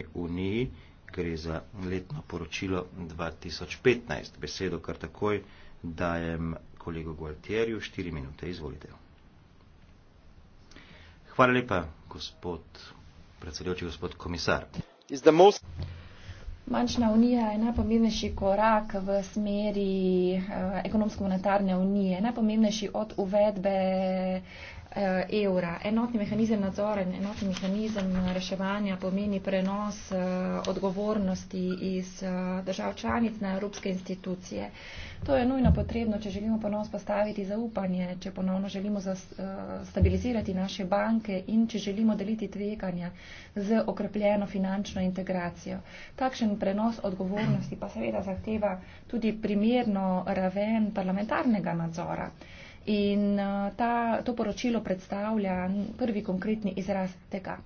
Evropski uniji, gre za letno poročilo 2015. Besedo kar takoj dajem kolegu Gualtierju, štiri minute, izvolite. Hvala lepa, gospod predsedujoči, gospod komisar. Bančna unija je najpomembnejši korak v smeri eh, ekonomsko-monetarne unije, najpomembnejši od uvedbe eh, Eh, evra. Enotni mehanizem nadzora in enotni mehanizem reševanja pomeni prenos eh, odgovornosti iz eh, držav članic na evropske institucije. To je nujno potrebno, če želimo ponovno spostaviti zaupanje, če ponovno želimo stabilizirati naše banke in če želimo deliti tveganja z okrepljeno finančno integracijo. Takšen prenos odgovornosti pa seveda zahteva tudi primerno raven parlamentarnega nadzora. In eh, ta, to poročilo predstavlja prvi konkretni izraz tega.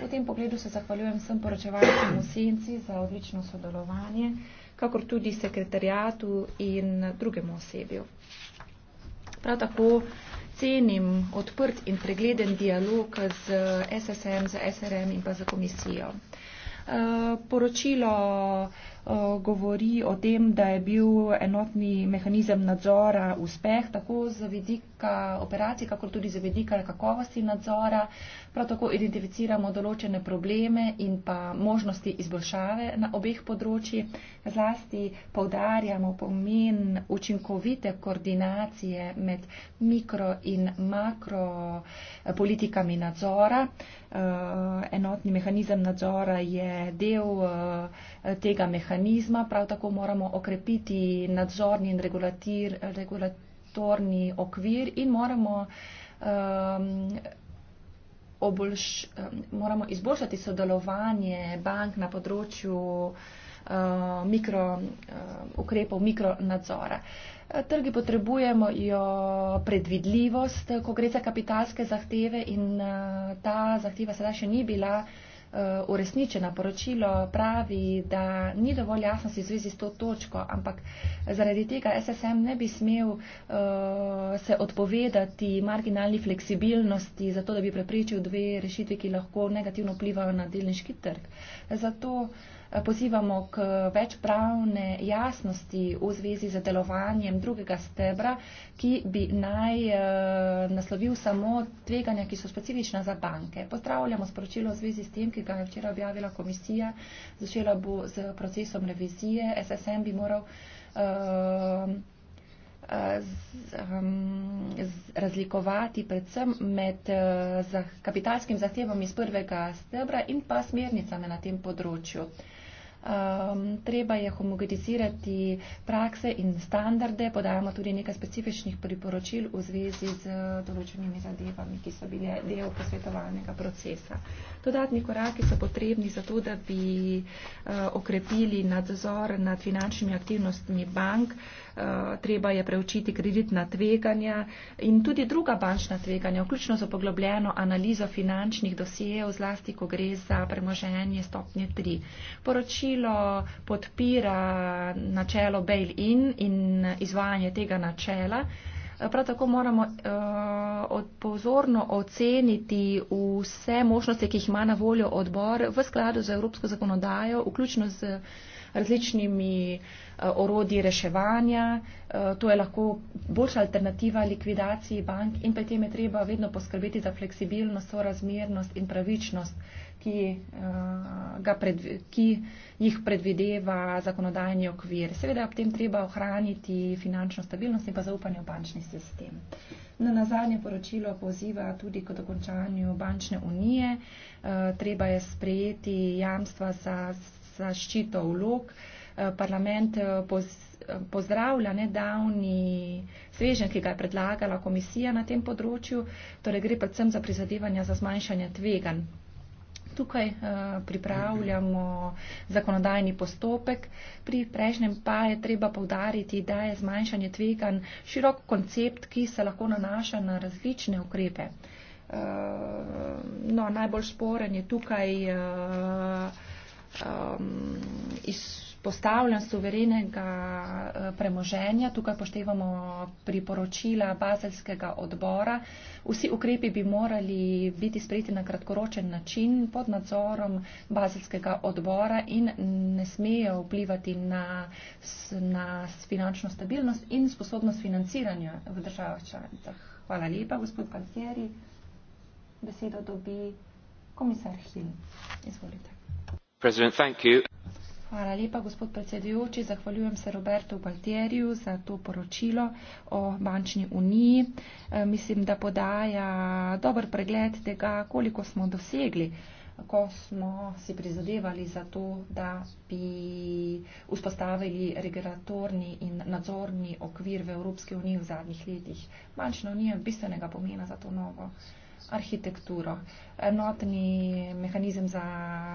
V tem pogledu se zahvaljujem vsem poročevalcem v senci za odlično sodelovanje, kakor tudi sekretarijatu in drugemu osebju. Prav tako cenim odprt in pregleden dialog z eh, SSM, z SRM in pa z komisijo. Eh, poročilo Eh, govori o tem, da je bil enotni mehanizem nadzora uspeh, tako z vidika operacij, kako tudi z vidika kakovosti nadzora. Prav tako identificiramo določene probleme in pa možnosti izboljšave na obeh področji. Zlasti povdarjamo pomen učinkovite koordinacije med mikro in makro eh, politikami nadzora. Eh, enotni mehanizem nadzora je del eh, tega mehanizma, prav tako moramo okrepiti nadzorni in regulatorni okvir in moramo um, oboljš, moramo izboljšati sodelovanje bank na področju eh, mikro eh, ukrepov, mikro nadzora. Eh, trgi potrebujemo jo predvidljivost, ko gre za kapitalske zahteve in ta zahteva sedaj še ni bila Eh, uresničena. Poročilo pravi, da ni dovolj jasnosti v zvezi s to točko, ampak zaradi tega SSM ne bi smel uh, se odpovedati marginalni fleksibilnosti, zato da bi preprečil dve rešitvi, ki lahko negativno vplivajo na delniški trg. Zato uh, pozivamo k več pravne jasnosti v zvezi z delovanjem drugega stebra, ki bi naj eh, naslovil samo tveganja, ki so specifična za banke. Pozdravljamo sporočilo v zvezi s tem, ki ga je včeraj objavila komisija. Začela bo z procesom revizije. SSM bi moral eh, eh, Z, um, z razlikovati predvsem med uh, zah, kapitalskim zahtevom iz prvega stebra in pa smernicami na tem področju. Uh, Um, treba je homogenizirati prakse in standarde, podajamo tudi nekaj specifičnih priporočil v zvezi z eh, določenimi zadevami, ki so bile del posvetovalnega procesa. Dodatni koraki so potrebni za to, da bi uh, okrepili nadzor nad finančnimi aktivnostmi bank, uh, Eh, treba je preučiti kreditna tveganja in tudi druga bančna tveganja, vključno z poglobljeno analizo finančnih dosijev, zlasti, ko gre za premoženje stopnje 3. Poročilo podpira načelo bail-in in izvajanje tega načela. Prav tako moramo uh, pozorno oceniti vse možnosti, ki jih ima na voljo odbor v skladu z evropsko zakonodajo, vključno z različnimi uh, Eh, orodji reševanja, eh, to je lahko boljša alternativa likvidaciji bank in pri tem je treba vedno poskrbeti za fleksibilnost, sorazmernost in pravičnost, ki, eh, ga pred, ki jih predvideva zakonodajni okvir. Seveda je ob tem treba ohraniti finančno stabilnost in pa zaupanje v bančni sistem. No, na nazadnje poročilo poziva tudi k dokončanju bančne unije. Treba je sprejeti jamstva za zaščito vlog. Eh, parlament eh, eh, pozdravlja nedavni svežen, ki ga je predlagala komisija na tem področju, torej gre predvsem za prizadevanja za zmanjšanje tvegan. Tukaj pripravljamo zakonodajni postopek. Pri prejšnjem pa je treba povdariti, da je zmanjšanje tvegan širok koncept, ki se lahko nanaša na različne ukrepe. No, najbolj sporen je tukaj iz postavljanj suverenega eh, premoženja, tukaj poštevamo priporočila bazelskega odbora. Vsi ukrepi bi morali biti sprejeti na kratkoročen način pod nadzorom bazelskega odbora in ne smejo vplivati na, na finančno stabilnost in sposobnost financiranja v državah članicah. Hvala lepa, gospod Pansieri. Besedo dobi komisar Hill. Izvolite. President, thank you. Hvala lepa, gospod predsedujoči. Zahvaljujem se Robertu Baltjeriju za to poročilo o bančni uniji. E, mislim, da podaja dober pregled tega, koliko smo dosegli, ko smo si prizadevali za to, da bi vzpostavili regulatorni in nadzorni okvir v Evropski uniji v zadnjih letih. Bančna unija je bistvenega pomena za to novo arhitekturo. Enotni mehanizem za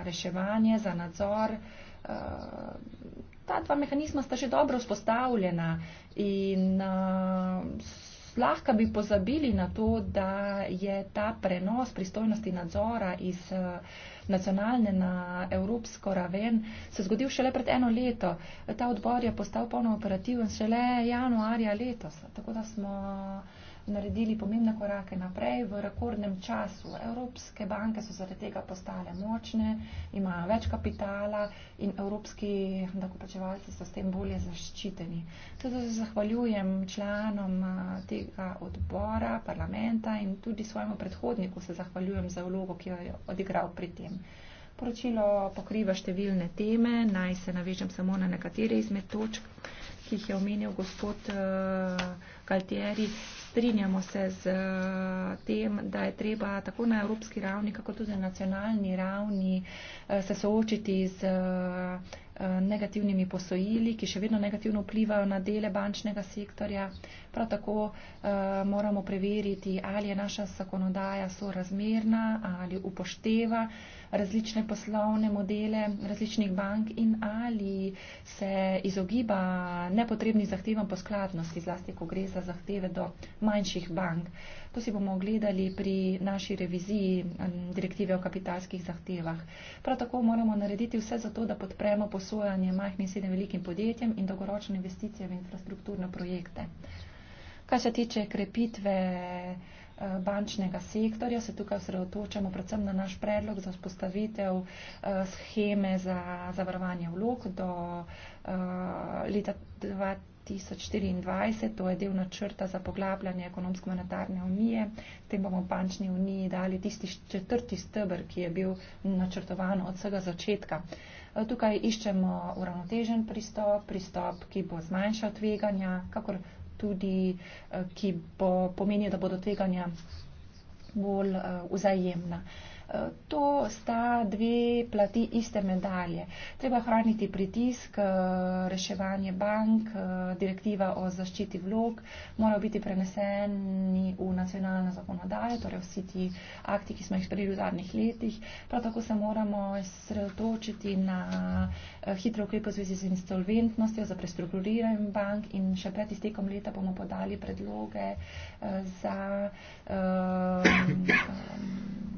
reševanje, za nadzor ta dva mehanizma sta že dobro vzpostavljena in uh, lahko bi pozabili na to, da je ta prenos pristojnosti nadzora iz uh, nacionalne na evropsko raven se zgodil šele pred eno leto. Ta odbor je postal polno operativen šele januarja letos. Tako da smo naredili pomembne korake naprej v rekordnem času. Evropske banke so zaradi tega postale močne, imajo več kapitala in evropski dokopačevalci so s tem bolje zaščiteni. Zato se zahvaljujem članom tega odbora, parlamenta in tudi svojemu predhodniku se zahvaljujem za vlogo, ki jo je odigral pri tem. Poročilo pokriva številne teme, naj se navežem samo na nekatere izmed točk, ki jih je omenil gospod Galtieri. Uh, strinjamo se z eh, tem, da je treba tako na evropski ravni, kako tudi na nacionalni ravni eh, se soočiti z negativnimi posojili, ki še vedno negativno vplivajo na dele bančnega sektorja. Prav tako eh, moramo preveriti, ali je naša zakonodaja sorazmerna, ali upošteva različne poslovne modele različnih bank in ali se izogiba nepotrebnih zahtevam po skladnosti, zlasti ko gre za zahteve do manjših bank. To si bomo ogledali pri naši reviziji direktive o kapitalskih zahtevah. Prav tako moramo narediti vse za to, da podpremo posojanje majhnim sedem velikim podjetjem in dolgoročne investicije v infrastrukturne projekte. Kar se tiče krepitve eh, bančnega sektorja, se tukaj osredotočamo predvsem na naš predlog za vzpostavitev eh, scheme za zavarovanje vlog do eh, leta 2020. 2024, to je del načrta za poglabljanje ekonomsko-monetarne unije. S tem bomo v bančni uniji dali tisti četrti stebr, ki je bil načrtovan od vsega začetka. Eh, tukaj iščemo uravnotežen pristop, pristop, ki bo zmanjšal tveganja, kakor tudi, eh, ki bo pomenil, da bodo tveganja bolj eh, vzajemna. Uh, To sta dve plati iste medalje. Treba hraniti pritisk, eh, reševanje bank, eh, direktiva o zaščiti vlog, morajo biti preneseni v nacionalno zakonodajo, torej vsi ti akti, ki smo jih sprejeli v zadnjih letih. Prav tako se moramo sredotočiti na eh, hitre ukrepe v zvezi z insolventnostjo, za prestrukturiranje bank in še pred iztekom leta bomo podali predloge za. Um, um,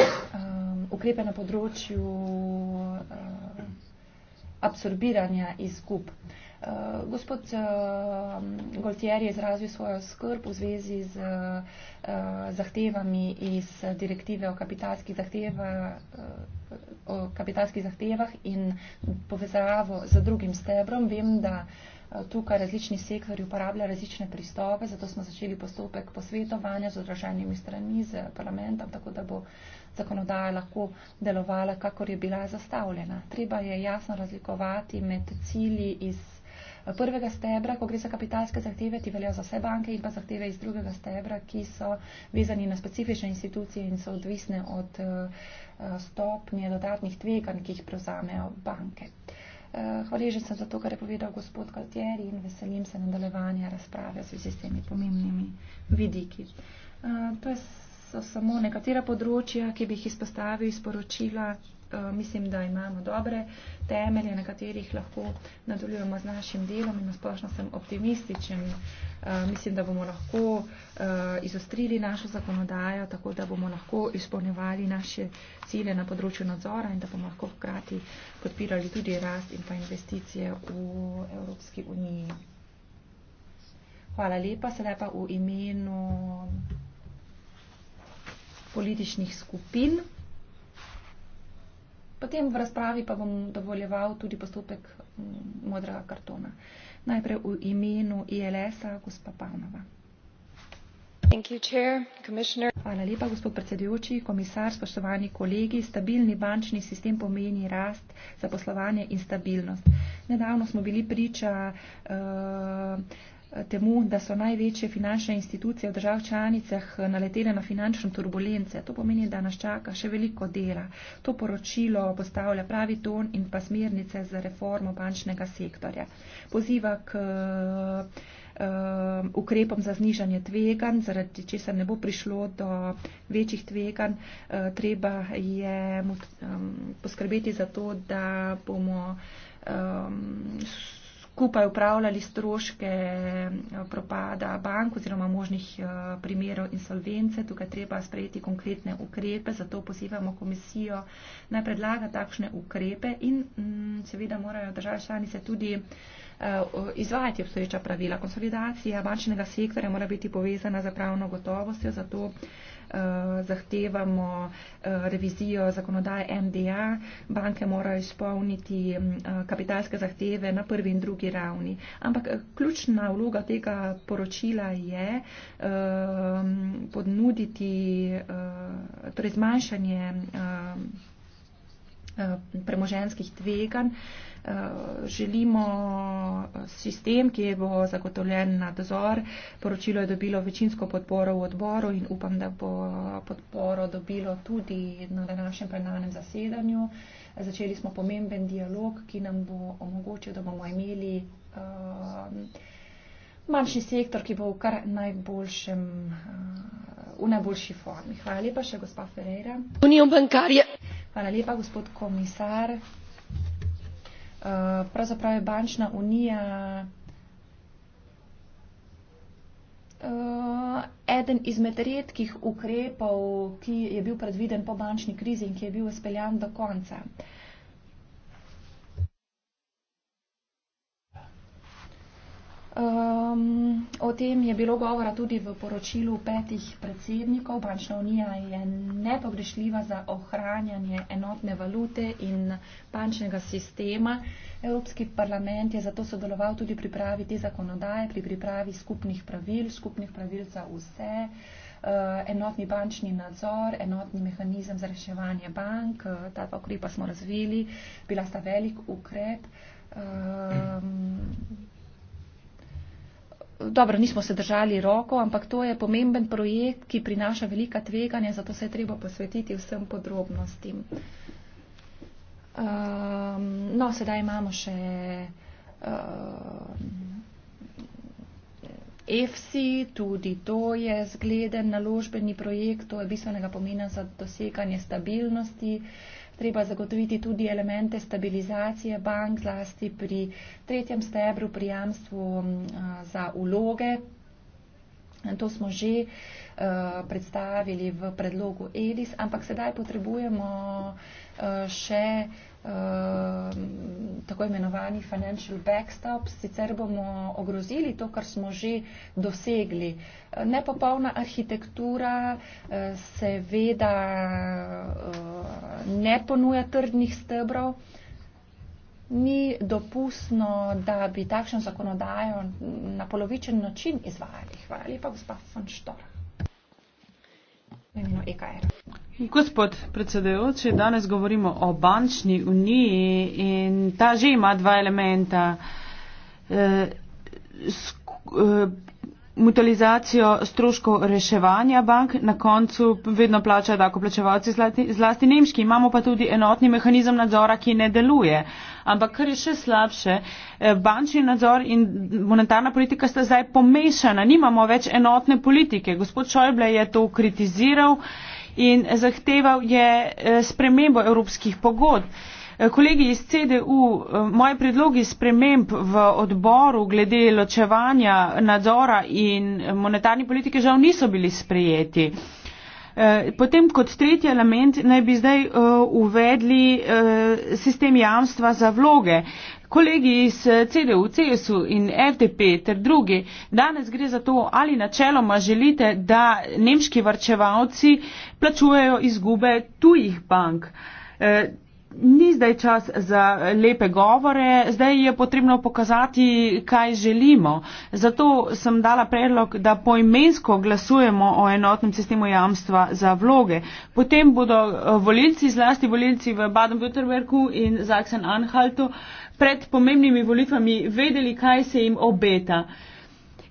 um, ukrepe na področju um, absorbiranja izgub. Uh, gospod um, Goltier je izrazil svojo skrb v zvezi z uh, zahtevami iz direktive o kapitalskih zahtevah. Uh, o kapitalskih zahtevah in povezavo z drugim stebrom. Vem, da uh, tukaj različni sektori uporabljajo različne pristope, zato smo začeli postopek posvetovanja z odraženimi strani, z parlamentom, tako da bo zakonodaja lahko delovala, kakor je bila zastavljena. Treba je jasno razlikovati med cilji iz eh, prvega stebra, ko gre za kapitalske zahteve, ti veljajo za vse banke in pa zahteve iz drugega stebra, ki so vezani na specifične institucije in so odvisne od eh, eh, stopnje dodatnih tveganj, ki jih prevzamejo banke. Hvaležen sem za to, kar je povedal gospod Galtieri in veselim se nadaljevanja razprave v zvezi s temi pomembnimi vidiki. To je so samo nekatera področja, ki bi jih izpostavil iz poročila. Eh, mislim, da imamo dobre temelje, na katerih lahko nadaljujemo z našim delom in nasplošno sem optimističen. Eh, mislim, da bomo lahko eh, izostrili našo zakonodajo, tako da bomo lahko izpolnjevali naše cilje na področju nadzora in da bomo lahko hkrati podpirali tudi rast in pa investicije v Evropski uniji. Hvala lepa, se lepa v imenu političnih skupin. Potem v razpravi pa bom dovoljeval tudi postopek mm, modrega kartona. Najprej v imenu ILS-a, e gospa Pavnova. Hvala lepa, gospod predsedujoči, komisar, spoštovani kolegi. Stabilni bančni sistem pomeni rast, zaposlovanje in stabilnost. Nedavno smo bili priča. Uh, temu, da so največje finančne institucije v držav članicah naletele na finančno turbulence. To pomeni, da nas čaka še veliko dela. To poročilo postavlja pravi ton in pa smernice za reformo bančnega sektorja. Poziva k eh, ukrepom za znižanje tvegan, zaradi česar ne bo prišlo do večjih tvegan. Eh, treba je ehm, poskrbeti za to, da bomo ehm, skupaj upravljali stroške eh, propada bank oziroma možnih eh, primerov insolvence. Tukaj treba sprejeti konkretne ukrepe, zato pozivamo komisijo, naj predlaga takšne ukrepe in mm, seveda morajo države članice tudi eh, izvajati obstoječa pravila. Konsolidacija bančnega sektorja mora biti povezana z pravno gotovostjo, zato Eh, zahtevamo eh, revizijo zakonodaje MDA. Banke morajo izpolniti mm, eh, kapitalske zahteve na prvi in drugi ravni. Ampak ključna vloga tega poročila je podnuditi, torej zmanjšanje premoženskih tveganj Eh, želimo eh, sistem, ki je bo zagotovljen nadzor. Poročilo je dobilo večinsko podporo v odboru in upam, da bo eh, podporo dobilo tudi na današnjem plenarnem zasedanju. Začeli smo pomemben dialog, ki nam bo omogočil, da bomo imeli uh, manjši sektor, ki bo v kar najboljšem. Uh, V najboljši formi. Hvala lepa še gospa Ferreira. Unijo bankarje. Hvala lepa gospod komisar. Eh, pravzaprav je bančna unija eh, eden izmed redkih ukrepov, ki je bil predviden po bančni krizi in ki je bil izpeljan do konca. Um, o tem je bilo govora tudi v poročilu petih predsednikov. Bančna unija je nepogrešljiva za ohranjanje enotne valute in bančnega sistema. Evropski parlament je zato sodeloval tudi pri pripravi te zakonodaje, pri pripravi skupnih pravil, skupnih pravil za vse, uh, enotni bančni nadzor, enotni mehanizem za reševanje bank. Uh, ta dva ukrepa smo razvili, bila sta velik ukrep. Uh, mm. Dobro, nismo se držali roko, ampak to je pomemben projekt, ki prinaša velika tveganja, zato se je treba posvetiti vsem podrobnostim. Um, no, sedaj imamo še um, ehm, EFSI, tudi to je zgleden naložbeni projekt, to je bistvenega pomena za doseganje stabilnosti. Uh, treba zagotoviti tudi elemente stabilizacije bank, zlasti pri tretjem stebru, pri jamstvu eh, za uloge, To smo že uh, predstavili v predlogu EDIS, ampak sedaj potrebujemo uh, še uh, tako imenovani financial backstop, sicer bomo ogrozili to, kar smo že dosegli. Nepopolna arhitektura uh, seveda uh, ne ponuja trdnih stebrov, uh, ni dopustno, da bi takšno zakonodajo na polovičen način izvajali. Hvala lepa, gospa von Štor. E Gospod predsedujoči, danes govorimo o bančni uniji in ta že ima dva elementa. E, eh, sku, e, eh, mutualizacijo stroškov reševanja bank, na koncu vedno plačajo dakoplačevalci zlasti nemški. Imamo pa tudi enotni mehanizem nadzora, ki ne deluje. Ampak kar je še slabše, eh, bančni nadzor in monetarna politika sta zdaj pomešana, nimamo več enotne politike. Gospod Šojble je to kritiziral in zahteval je eh, spremembo evropskih pogodb. Kolegi iz CDU, moji predlogi sprememb v odboru glede ločevanja nadzora in monetarni politike žal niso bili sprejeti. Eh, potem kot tretji element naj bi zdaj eh, uvedli eh, sistem jamstva za vloge. Kolegi iz CDU, CSU in FDP ter drugi, danes gre za to, ali načeloma želite, da nemški varčevalci plačujejo izgube tujih bank ni zdaj čas za lepe govore, zdaj je potrebno pokazati, kaj želimo. Zato sem dala predlog, da poimensko glasujemo o enotnem sistemu jamstva za vloge. Potem bodo eh, volilci, zlasti volilci v Baden-Württembergu in Zaksen-Anhaltu, pred pomembnimi volitvami vedeli, kaj se jim obeta.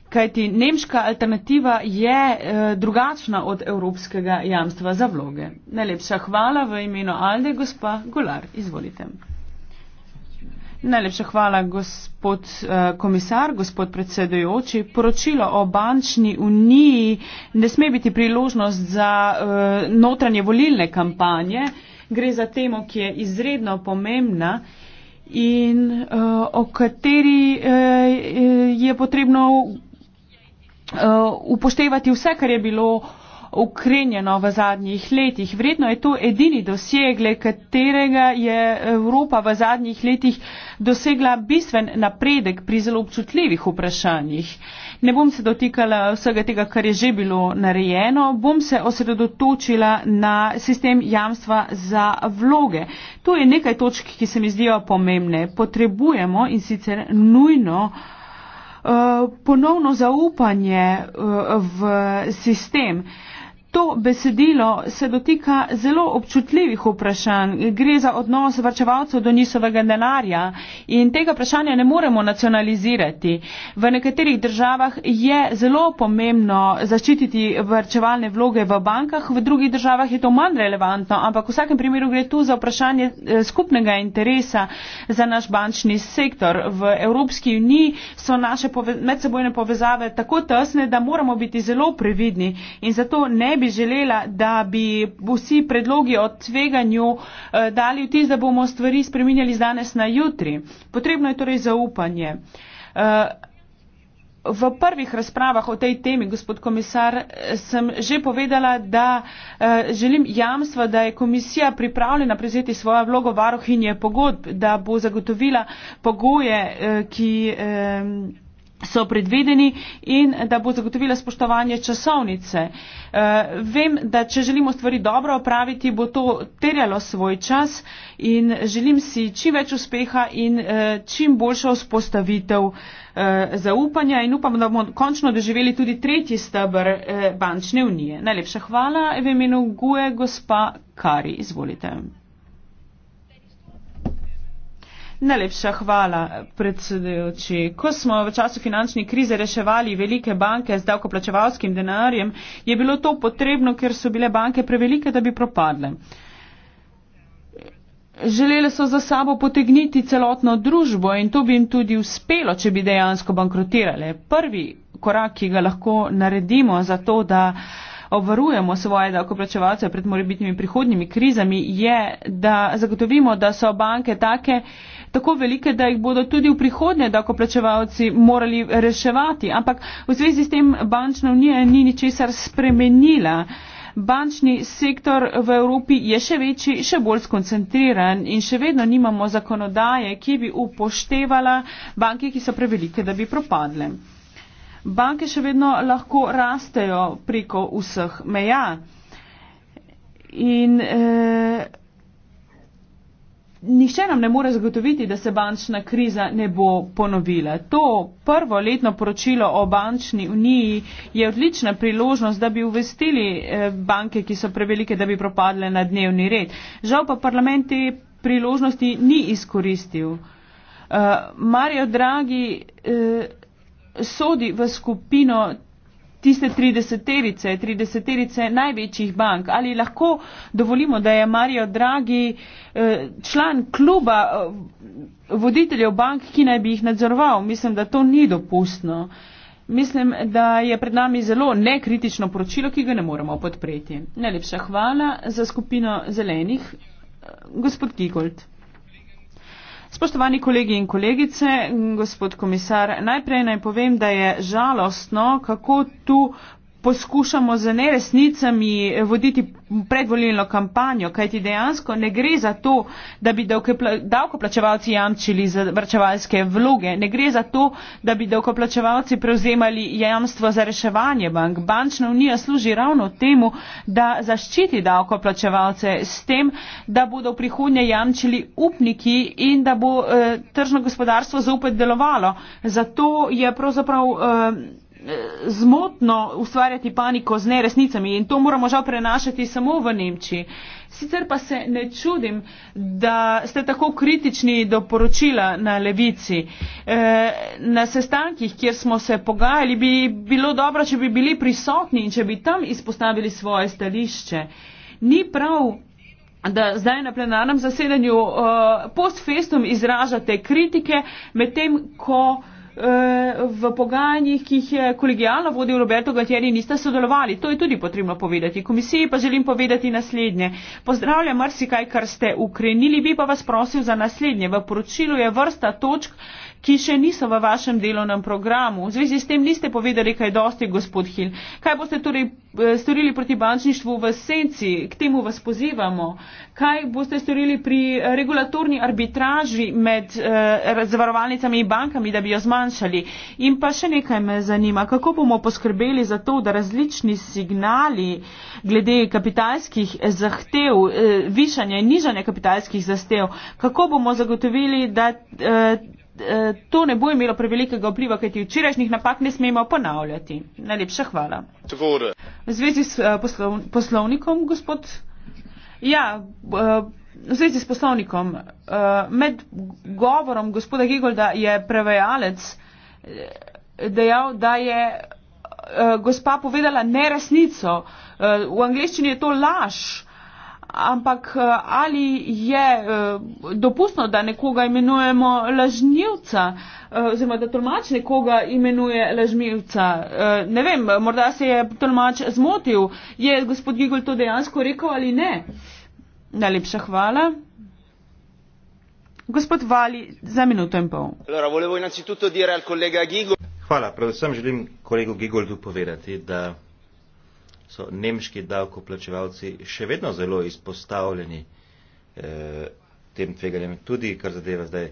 Kajti nemška alternativa je eh, drugačna od evropskega jamstva za vloge. Najlepša hvala v imenu Alde, gospa Golar. Izvolite. Najlepša hvala, gospod eh, komisar, gospod predsedujoči. Poročilo o bančni uniji ne sme biti priložnost za eh, notranje volilne kampanje. Gre za temo, ki je izredno pomembna in eh, o kateri eh, je potrebno Eh, upoštevati vse, kar je bilo ukrenjeno v zadnjih letih. Vredno je to edini dosegle, katerega je Evropa v zadnjih letih dosegla bistven napredek pri zelo občutljivih vprašanjih. Ne bom se dotikala vsega tega, kar je že bilo narejeno, bom se osredotočila na sistem jamstva za vloge. Tu je nekaj točk, ki se mi zdijo pomembne. Potrebujemo in sicer nujno Eh, ponovno zaupanje eh, v sistem to besedilo se dotika zelo občutljivih vprašanj. Gre za odnos vrčevalcev do njihovega denarja in tega vprašanja ne moremo nacionalizirati. V nekaterih državah je zelo pomembno zaščititi vrčevalne vloge v bankah, v drugih državah je to manj relevantno, ampak v vsakem primeru gre tu za vprašanje eh, skupnega interesa za naš bančni sektor. V Evropski uniji so naše medsebojne povezave tako tesne, da moramo biti zelo previdni in zato ne bi bi želela, da bi vsi predlogi o tveganju eh, dali v tist, da bomo stvari spreminjali z danes na jutri. Potrebno je torej zaupanje. Eh, v prvih razpravah o tej temi, gospod komisar, sem že povedala, da eh, želim jamstva, da je komisija pripravljena prezeti svojo vlogo varohinje pogodb, da bo zagotovila pogoje, eh, ki. Eh, so predvideni in da bo zagotovila spoštovanje časovnice. Eh, vem, da če želimo stvari dobro opraviti, bo to terjalo svoj čas in želim si čim več uspeha in eh, čim boljšo vzpostavitev eh, zaupanja in upam, da bomo končno doživeli tudi tretji stebr bančne unije. Najlepša hvala, v imenu Gue, gospa Kari, izvolite. Najlepša hvala, predsedujoči. Ko smo v času finančne krize reševali velike banke z davkoplačevalskim denarjem, je bilo to potrebno, ker so bile banke prevelike, da bi propadle. Želeli so za sabo potegniti celotno družbo in to bi jim tudi uspelo, če bi dejansko bankrotirale. Prvi korak, ki ga lahko naredimo za to, da obvarujemo svoje davkoplačevalce pred morebitnimi prihodnimi krizami, je, da zagotovimo, da so banke take, tako velike, da jih bodo tudi v prihodnje dakoplačevalci morali reševati. Ampak v zvezi s tem bančna unija ni ničesar spremenila. Bančni sektor v Evropi je še večji, še bolj skoncentriran in še vedno nimamo zakonodaje, ki bi upoštevala banke, ki so prevelike, da bi propadle. Banke še vedno lahko rastejo preko vseh meja. In, eh, Nihče nam ne more zagotoviti, da se bančna kriza ne bo ponovila. To prvo letno poročilo o bančni uniji je odlična priložnost, da bi uvestili eh, banke, ki so prevelike, da bi propadle na dnevni red. Žal pa parlament te priložnosti ni izkoristil. Uh, Mario Draghi uh, sodi v skupino tiste trideseterice, trideseterice največjih bank. Ali lahko dovolimo, da je Mario Draghi eh, član kluba eh, voditeljev bank, ki naj bi jih nadzorval? Mislim, da to ni dopustno. Mislim, da je pred nami zelo nekritično poročilo, ki ga ne moremo podpreti. Najlepša hvala za skupino zelenih. Eh, gospod Gigold. Spoštovani kolegi in kolegice, gospod komisar, najprej naj povem, da je žalostno, kako tu poskušamo z neresnicami voditi predvolilno kampanjo, kajti dejansko ne gre za to, da bi davkoplačevalci jamčili za vrčevalske vloge, ne gre za to, da bi davkoplačevalci prevzemali jamstvo za reševanje bank. Bančna unija služi ravno temu, da zaščiti davkoplačevalce s tem, da bodo v prihodnje jamčili upniki in da bo eh, tržno gospodarstvo zaupet delovalo. Zato je pravzaprav eh, Eh, zmotno ustvarjati paniko z neresnicami in to moramo žal prenašati samo v Nemčiji. Sicer pa se ne čudim, da ste tako kritični do poročila na levici. E, na sestankih, kjer smo se pogajali, bi bilo dobro, če bi bili prisotni in če bi tam izpostavili svoje stališče. Ni prav, da zdaj na plenarnem zasedanju uh, post festum izražate kritike, medtem ko uh, Eh, v pogajanjih, ki jih je kolegijalno vodil Roberto Gatjeri, nista sodelovali. To je tudi potrebno povedati. Komisiji pa želim povedati naslednje. Pozdravljam marsikaj, kar ste ukrenili, bi pa vas prosil za naslednje. V poročilu je vrsta točk, ki še niso v vašem delovnem programu. V zvezi s tem niste povedali kaj dosti, gospod Hil. Kaj boste torej eh, storili proti bančništvu v senci? K temu vas pozivamo. Kaj boste storili pri regulatorni arbitraži med eh, zavarovalnicami in bankami, da bi jo zmanjšali? In pa še nekaj me zanima. Kako bomo poskrbeli za to, da različni signali glede kapitalskih eh, zahtev, eh, višanja in nižanja kapitalskih zahtev, kako bomo zagotovili, da. Eh, Eh, to ne bo imelo prevelikega vpliva, kajti včerajšnjih napak ne smemo ponavljati. Najlepša hvala. Tvore. V zvezi s eh, poslov, poslovnikom, gospod. Ja, eh, v zvezi s poslovnikom. Med govorom gospoda Gigolda je prevajalec dejal, da je gospa povedala neresnico. V angliščini je to laž ampak eh, ali je eh, dopustno, da nekoga imenujemo lažnivca, eh, oziroma da tolmač nekoga imenuje lažnivca. Ne vem, morda se je tolmač zmotil, je gospod Gigol to dejansko rekel ali ne. Najlepša hvala. Gospod Vali, za minuto in pol. Hvala, predvsem želim kolegu Gigoldu povedati, da so nemški davkoplačevalci še vedno zelo izpostavljeni eh, tem tveganjem, tudi kar zadeva zdaj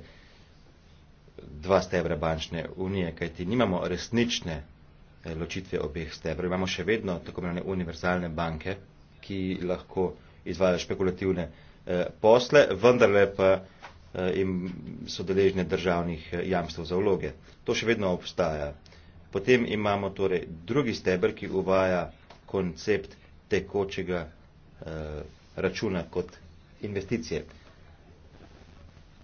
dva stebra bančne unije, kajti nimamo resnične eh, ločitve obeh stebrov. Imamo še vedno tako imenovane univerzalne banke, ki lahko izvajajo špekulativne eh, posle, vendarle pa eh, jim so deležne državnih eh, jamstv za vloge. To še vedno obstaja. Potem imamo torej drugi stebr, ki uvaja koncept tekočega eh, računa kot investicije.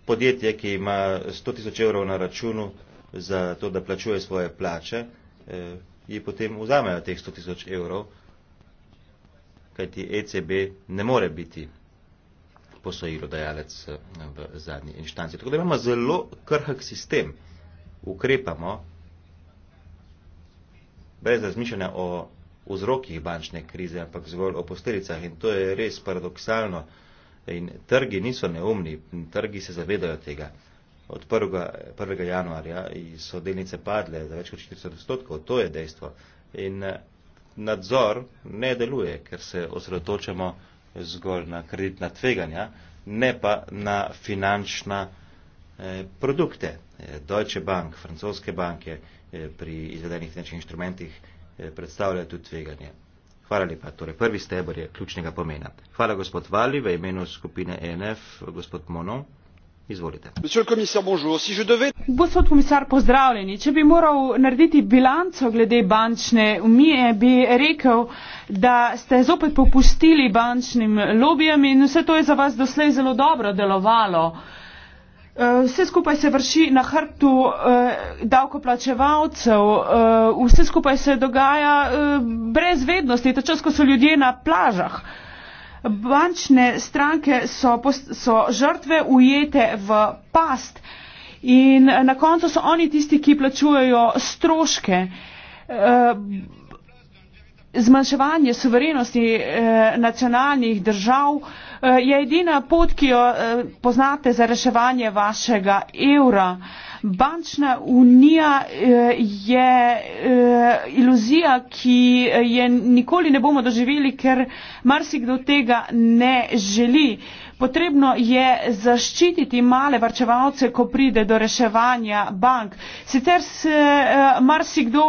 Podjetje, ki ima 100 tisoč evrov na računu za to, da plačuje svoje plače, eh, ji potem vzamejo teh 100 tisoč evrov, kajti ECB ne more biti posojilo dajalec eh, v zadnji inštanci. Tako da imamo zelo krhak sistem. Ukrepamo brez razmišljanja o vzrokih bančne krize, ampak zgolj o posledicah. In to je res paradoksalno. In trgi niso neumni, trgi se zavedajo tega. Od 1. 1. januarja so delnice padle za več kot 40 odstotkov, to je dejstvo. In eh, nadzor ne deluje, ker se osredotočamo zgolj na kreditna tveganja, ne pa na finančna eh, produkte. Eh, Deutsche Bank, francoske banke eh, pri izvedenih finančnih inštrumentih Eh, predstavljajo tudi tveganje. Hvala lepa. Torej, prvi stebr je ključnega pomena. Hvala gospod Vali v imenu skupine e NF, gospod Mono. Izvolite. Gospod komisar, pozdravljeni. Če bi moral narediti bilanco glede bančne unije, bi rekel, da ste zopet popustili bančnim lobijam in vse to je za vas doslej zelo dobro delovalo. Uh, Eh, vse skupaj se vrši na hrbtu eh, davkoplačevalcev, eh, vse skupaj se dogaja brez vednosti, tačas, ko so ljudje na plažah. Bančne stranke so, so žrtve ujete v past in na koncu so oni tisti, ki plačujejo stroške. Zmanjševanje suverenosti nacionalnih držav Eh, je edina pot, ki jo eh, poznate za reševanje vašega evra. Bančna unija eh, je iluzija, ki je nikoli ne bomo doživeli, ker marsikdo tega ne želi. Potrebno je zaščititi male varčevalce, ko pride do reševanja bank. Sicer se marsikdo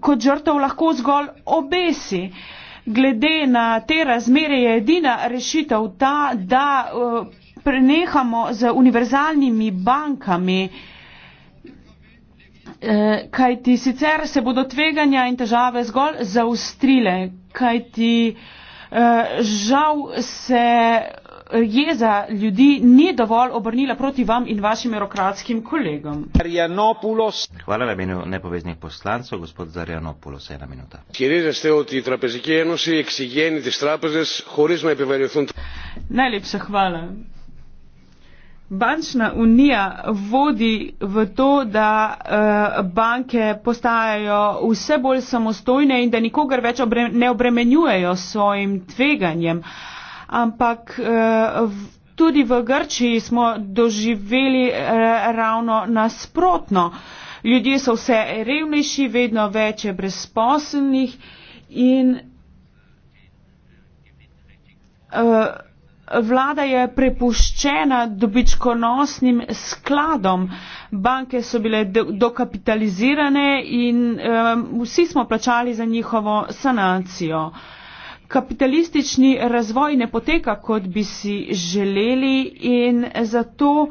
kot žrtov lahko zgolj obesi glede na te razmere je edina rešitev ta, da eh, prenehamo z univerzalnimi bankami, eh, kajti sicer se bodo tveganja in težave zgolj zaustrile, kajti eh, žal se jeza ljudi ni dovolj obrnila proti vam in vašim eurokratskim kolegom. Hvala le meni nepoveznih poslancev, gospod Zarjanopulos, ena minuta. Najlepša hvala. Bančna unija vodi v to, da uh, banke postajajo vse bolj samostojne in da nikogar več obre ne obremenjujejo s svojim tveganjem. Uh, ampak eh, tudi v Grčiji smo doživeli eh, ravno nasprotno. Ljudje so vse revnejši, vedno več je brezposelnih in eh, vlada je prepuščena dobičkonosnim skladom. Banke so bile dokapitalizirane in vsi smo plačali za njihovo sanacijo kapitalistični razvoj ne poteka, kot bi si želeli in zato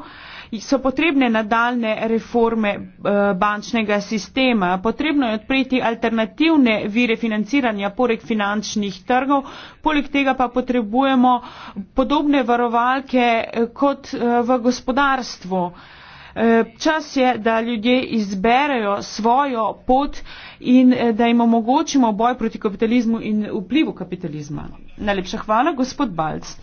so potrebne nadaljne reforme eh, bančnega sistema. Potrebno je odpreti alternativne vire financiranja poleg finančnih trgov, poleg tega pa potrebujemo podobne varovalke eh, kot eh, v gospodarstvu. Čas je, da ljudje izberejo svojo pot in eh, da jim omogočimo boj proti kapitalizmu in vplivu kapitalizma. Najlepša hvala, gospod Balc.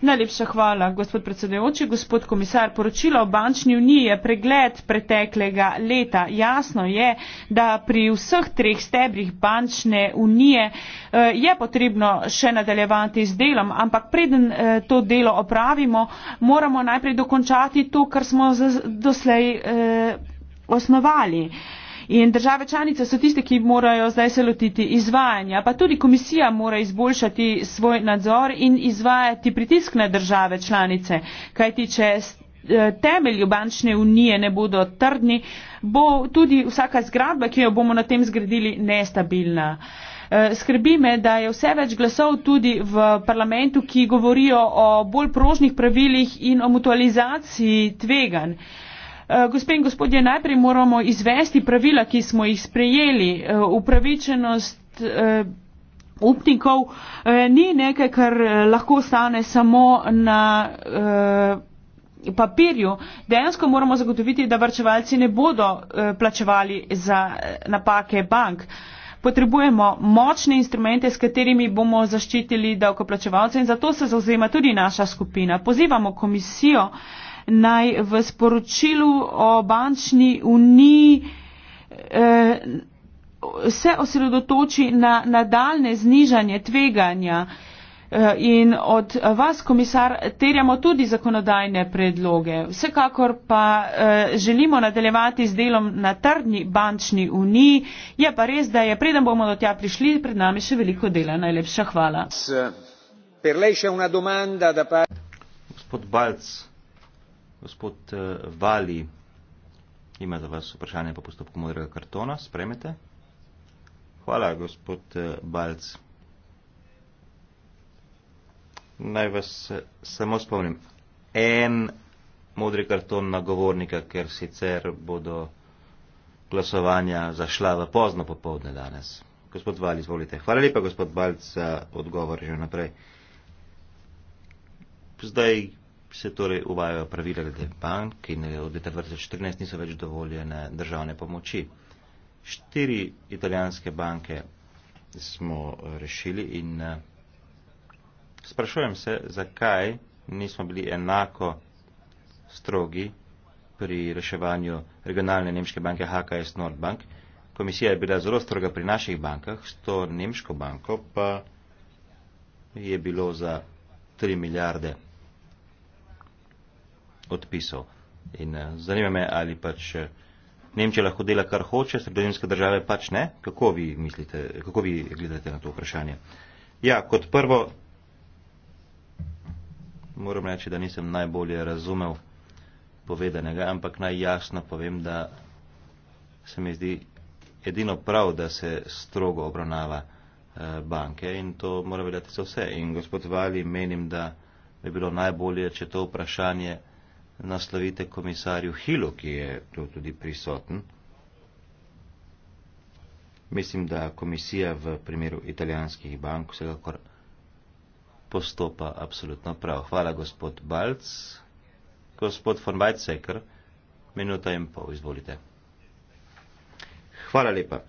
Najlepša hvala, gospod predsedujoči, gospod komisar. Poročilo o bančni uniji je pregled preteklega leta. Jasno je, da pri vseh treh stebrih bančne unije eh, je potrebno še nadaljevati z delom, ampak preden eh, to delo opravimo, moramo najprej dokončati to, kar smo doslej osnovali. In države članice so tiste, ki morajo zdaj se lotiti izvajanja, pa tudi komisija mora izboljšati svoj nadzor in izvajati pritisk na države članice. Kaj tiče eh, temelju bančne unije ne bodo trdni, bo tudi vsaka zgradba, ki jo bomo na tem zgradili, nestabilna. Eh, skrbi me, da je vse več glasov tudi v parlamentu, ki govorijo o bolj prožnih pravilih in o mutualizaciji tvegan. Eh, gospe in gospodje najprej moramo izvesti pravila ki smo jih sprejeli eh, upravičenost eh, upnikov ni nekaj kar lahko stane samo na papirju. Dejansko moramo zagotoviti, da vrčevalci ne bodo plačevali za napake bank. Potrebujemo močne instrumente, s katerimi bomo zaščitili davkoplačevalce in zato se zauzema tudi naša skupina. Pozivamo komisijo, naj v sporočilu o bančni uniji eh, se osredotoči na nadaljne znižanje tveganja eh, in od vas, komisar, terjamo tudi zakonodajne predloge. Vsekakor pa eh, želimo nadaljevati z delom na trdni bančni uniji. Je pa res, da je preden bomo do tja prišli, pred nami še veliko dela. Najlepša hvala. Gospod Balc. Gospod eh, Vali ima za vas vprašanje po postopku modrega kartona. Spremete? Hvala, gospod eh, Balc. Naj vas eh, samo spomnim. En modri karton na govornika, ker sicer bodo glasovanja zašla v pozno popovdne danes. Gospod Vali, izvolite. Hvala lepa, gospod Balc, za odgovor že naprej. Zdaj se torej uvajajo pravila glede bank in eh, od leta 2014 niso več dovoljene državne pomoči. Štiri italijanske banke smo eh, rešili in eh, sprašujem se, zakaj nismo bili enako strogi pri reševanju regionalne nemške banke HKS Nordbank. Komisija je bila zelo stroga pri naših bankah, s to nemško banko pa je bilo za 3 milijarde odpisov. In eh, zanima me, ali pač eh, Nemčija lahko dela, kar hoče, sredozemske države pač ne. Kako vi mislite, kako vi gledate na to vprašanje? Ja, kot prvo, moram reči, da nisem najbolje razumel povedanega, ampak najjasno povem, da se mi zdi edino prav, da se strogo obravnava eh, banke in to mora vedeti za vse. In gospod Vali, menim, da bi bilo najbolje, če to vprašanje naslovite komisarju Hilu, ki je tu tudi prisoten. Mislim, da komisija v primeru italijanskih bank vsekakor postopa absolutno prav. Hvala, gospod Balc. Gospod von Weizsäcker, minuta in pol, izvolite. Hvala lepa.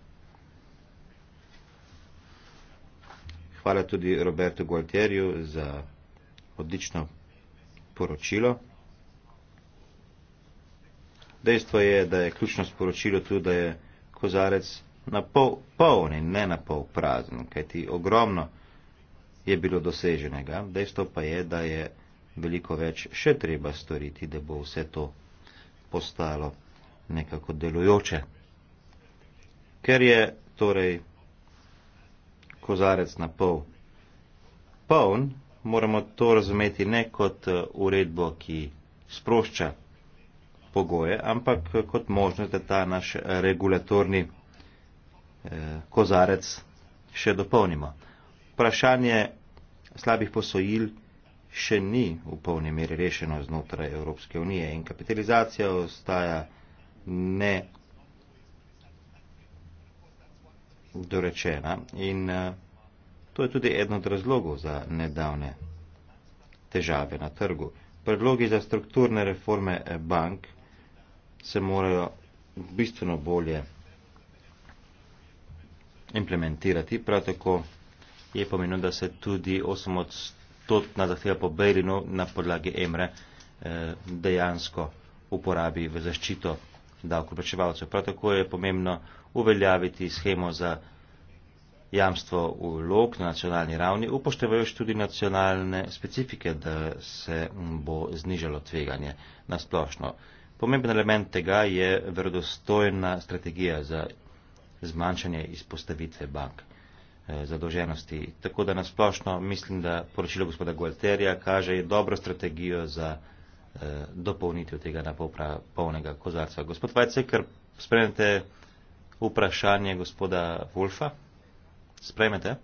Hvala tudi Robertu Gualtierju za odlično poročilo. Dejstvo je, da je ključno sporočilo tudi, da je kozarec na pol poln in ne na pol prazen, kajti ogromno je bilo doseženega. Dejstvo pa je, da je veliko več še treba storiti, da bo vse to postalo nekako delujoče. Ker je torej kozarec na pol poln, moramo to razumeti ne kot eh, uredbo, ki sprošča pogoje, ampak kot možnost, da ta naš regulatorni eh, kozarec še dopolnimo. Vprašanje slabih posojil še ni v polni meri rešeno znotraj Evropske unije in kapitalizacija ostaja ne dorečena in eh, to je tudi eden od razlogov za nedavne težave na trgu. Predlogi za strukturne reforme eh, bank se morajo bistveno bolje implementirati. Prav tako je pomenilo, da se tudi 8 odstotna zahteva po Berlinu na podlagi EMRE eh, dejansko uporabi v zaščito davkoplačevalcev. Prav tako je pomembno uveljaviti schemo za jamstvo vlog na nacionalni ravni, upoštevajoč tudi nacionalne specifike, da se bo znižalo tveganje na splošno. Pomemben element tega je verodostojna strategija za zmanjšanje izpostavitve bank eh, zadolženosti. Tako da nasplošno mislim, da poročilo gospoda Gualterja kaže dobro strategijo za eh, dopolnitev tega napopra polnega kozarca. Gospod Vajcekr, spremete vprašanje gospoda Wolfa? Spremete?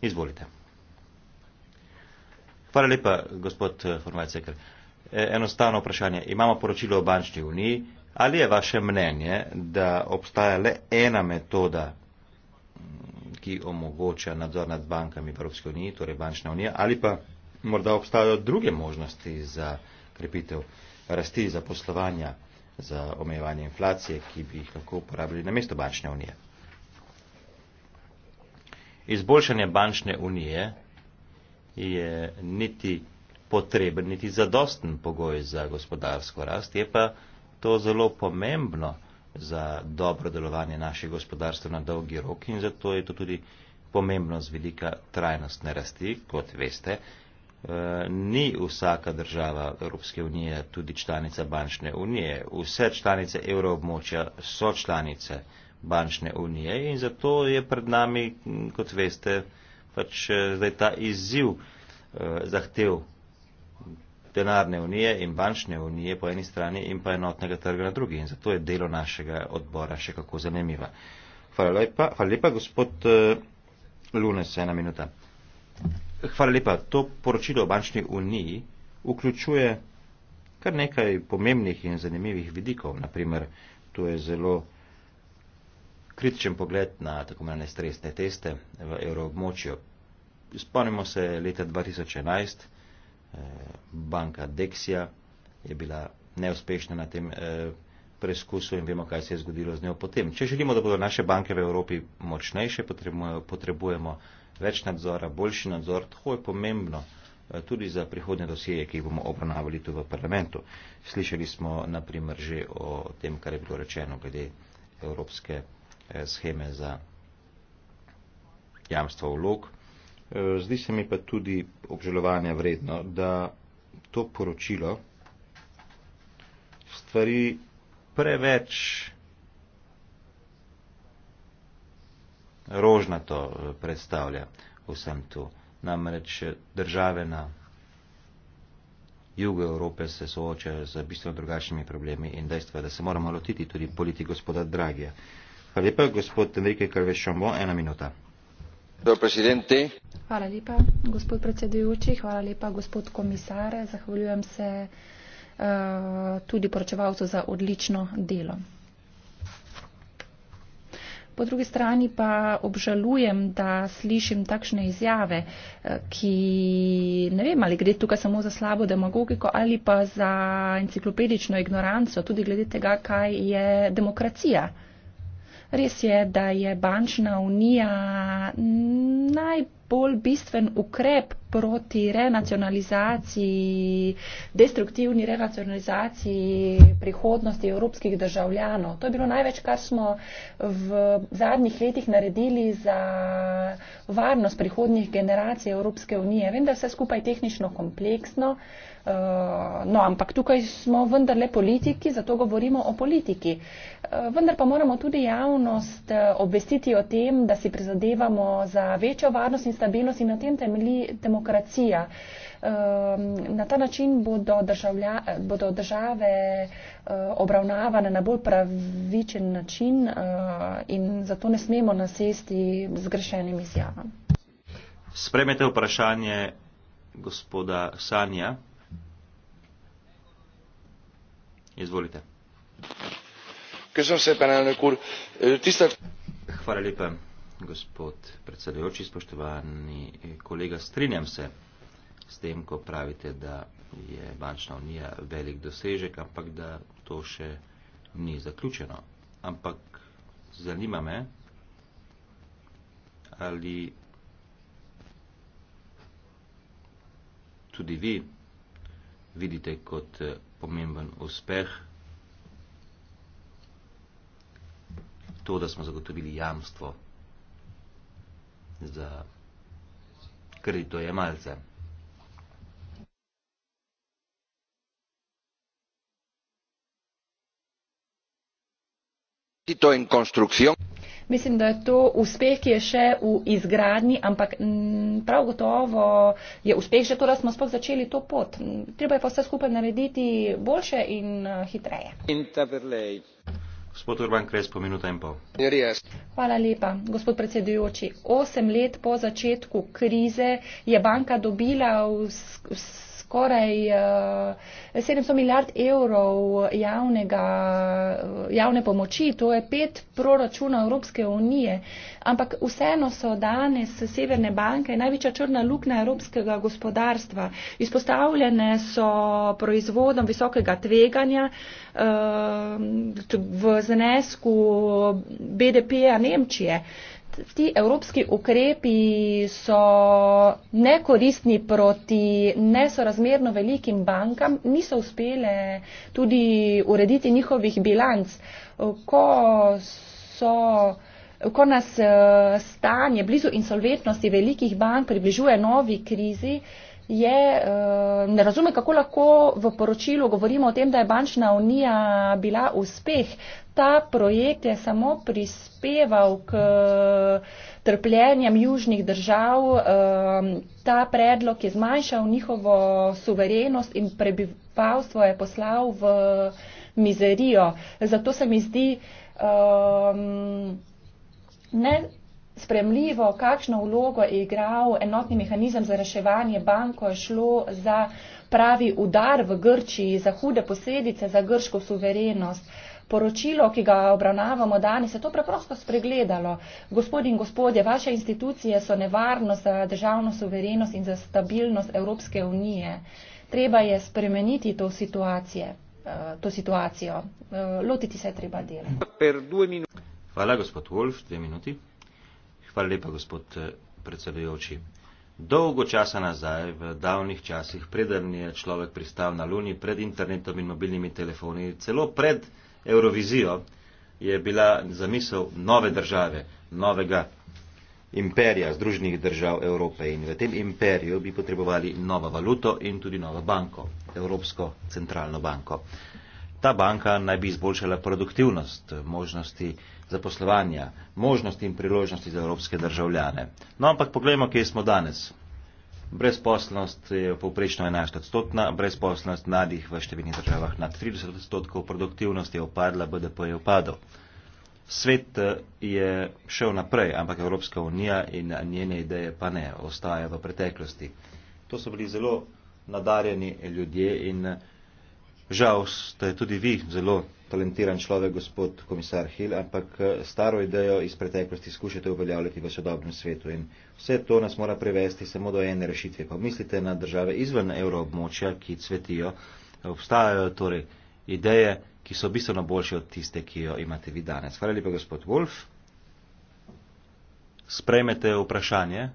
Izvolite. Hvala lepa, gospod Formajcekr. Eh, Eh, enostavno vprašanje. Imamo poročilo o bančni uniji. Ali je vaše mnenje, da obstaja le ena metoda, mm, ki omogoča nadzor nad bankami Evropske unije, torej bančna unija, ali pa morda obstajajo druge možnosti za krepitev rasti, za poslovanja, za omejevanje inflacije, ki bi jih lahko uporabili na mesto bančne unije? Izboljšanje bančne unije je niti potreben niti zadosten pogoj za gospodarsko rast, je pa to zelo pomembno za dobro delovanje našega gospodarstva na dolgi rok in zato je to tudi pomembno z velika trajnostne rasti, kot veste. Eh, ni vsaka država Evropske unije tudi članica bančne unije. Vse članice evroobmočja so članice bančne unije in zato je pred nami, kot veste, pač eh, zdaj ta izziv eh, zahtev denarne unije in bančne unije po eni strani in pa enotnega trga na drugi. In zato je delo našega odbora še kako zanimiva. Hvala lepa, hvala lepa gospod eh, Lunes, ena minuta. Hvala lepa. To poročilo o bančni uniji vključuje kar nekaj pomembnih in zanimivih vidikov. Naprimer, tu je zelo kritičen pogled na tako imenovane stresne teste v evroobmočju. Spomnimo se leta 2011, banka Dexia je bila neuspešna na tem eh, preskusu in vemo, kaj se je zgodilo z njo potem. Če želimo, da bodo naše banke v Evropi močnejše, potrebujemo več nadzora, boljši nadzor. To je pomembno eh, tudi za prihodne dosjeje, ki jih bomo obravnavali tu v parlamentu. Slišali smo naprimer že o tem, kar je bilo rečeno glede evropske eh, scheme za jamstvo vlog. Eh, Eh, zdi se mi pa tudi obžalovanja vredno, da to poročilo stvari preveč rožnato eh, predstavlja vsem tu. Namreč eh, države na jugu Evrope se soočajo z bistveno drugačnimi problemi in dejstva, da se moramo lotiti tudi politik gospoda Dragija. Hvala lepa, gospod Enrique Calvešombo, ena minuta. Hvala lepa, gospod predsedujoči, hvala lepa, gospod komisar. Zahvaljujem se uh, tudi poročevalcu za odlično delo. Po drugi strani pa obžalujem, da slišim takšne izjave, eh, ki ne vem, ali gre tukaj samo za slabo demagogiko ali pa za enciklopedično ignoranco, tudi glede tega, kaj je demokracija. Uh, Res je, da je bančna unija najbolj bistven ukrep proti renacionalizaciji, destruktivni renacionalizaciji prihodnosti evropskih državljanov. To je bilo največ, kar smo v zadnjih letih naredili za varnost prihodnjih generacij Evropske unije. Vem, da je vse skupaj tehnično kompleksno. Eh, no, ampak tukaj smo vendarle politiki, zato govorimo o politiki. Eh, vendar pa moramo tudi javnost eh, obvestiti o tem, da si prizadevamo za večjo varnost in stabilnost in na tem temelji demokracija. Ehm, na ta način bodo, državlja, bodo države obravnavane na bolj pravičen način in zato ne smemo nasesti z grešenim izjavam. Spremete vprašanje gospoda Sanja. izvolite. Köszönöm szépen, elnök úr. Tisztelt... Hvala lepa, gospod predsedujoči, spoštovani eh, kolega. Strinjam se s tem, ko pravite, da je bančna unija velik dosežek, ampak da to še ni zaključeno. Ampak zanima me, ali tudi vi vidite kot eh, pomemben uspeh. To, da smo zagotovili jamstvo za kreditojemalce. In konstrukcijo. Mislim, da je to uspeh, ki je še v izgradnji, ampak mm, prav gotovo je uspeh že to, da smo sploh začeli to pot. Treba je pa vse skupaj narediti boljše in eh, hitreje. Gospod Urban Kres, po minuto in pol. Hvala lepa, gospod predsedujoči. Osem let po začetku krize je banka dobila vse skoraj 700 eh, milijard evrov javnega, javne pomoči, to je pet proračuna Evropske unije, ampak vseeno so danes Severne banke največja črna lukna evropskega gospodarstva. Izpostavljene so proizvodom visokega tveganja eh, v znesku BDP-ja Nemčije ti evropski ukrepi so nekoristni proti nesorazmerno velikim bankam, niso uspele tudi urediti njihovih bilanc. Ko, so, ko nas eh, stanje blizu insolventnosti velikih bank približuje novi krizi, je, eh, ne razume, kako lahko v poročilu govorimo o tem, da je bančna unija bila uspeh. Ta projekt je samo prispeval k trpljenjem južnih držav. Eh, ta predlog je zmanjšal njihovo suverenost in prebivalstvo je poslal v mizerijo. Zato se mi zdi. Eh, ne, spremljivo, kakšno vlogo je igral enotni mehanizem za reševanje bank, ko je šlo za pravi udar v Grčiji, za hude posledice, za grško suverenost. Poročilo, ki ga obravnavamo danes, je to preprosto spregledalo. Gospodi in gospodje, vaše institucije so nevarnost za državno suverenost in za stabilnost Evropske unije. Treba je spremeniti to, eh, to situacijo. Eh, lotiti se je treba dela. Hvala, gospod Wolf, dve minuti. Hvala lepa, gospod eh, predsedujoči. Dolgo časa nazaj, v davnih časih, preden je človek pristal na Luni, pred internetom in mobilnimi telefoni, celo pred Eurovizijo, je bila zamisel nove države, novega imperija Združenih držav Evrope in v tem imperiju bi potrebovali novo valuto in tudi novo banko, Evropsko centralno banko. Ta banka naj bi izboljšala produktivnost, možnosti zaposlovanja, možnosti in priložnosti za evropske državljane. No, ampak pogledajmo, kje smo danes. Brezposlenost je povprečno 11 odstotna, brezposlenost mladih v številnih državah nad 30 odstotkov, produktivnost je upadla, BDP je upadal. Svet eh, je šel naprej, ampak Evropska unija in njene ideje pa ne, ostaje v preteklosti. To so bili zelo nadarjeni ljudje in Žal ste tudi vi zelo talentiran človek, gospod komisar Hill, ampak eh, staro idejo iz preteklosti skušate uveljavljati v sodobnem svetu in vse to nas mora prevesti samo do ene rešitve. Pomislite na države izven evroobmočja, ki cvetijo, obstajajo torej ideje, ki so bistveno boljše od tiste, ki jo imate vi danes. Hvala lepa, gospod Wolf. Sprejmete vprašanje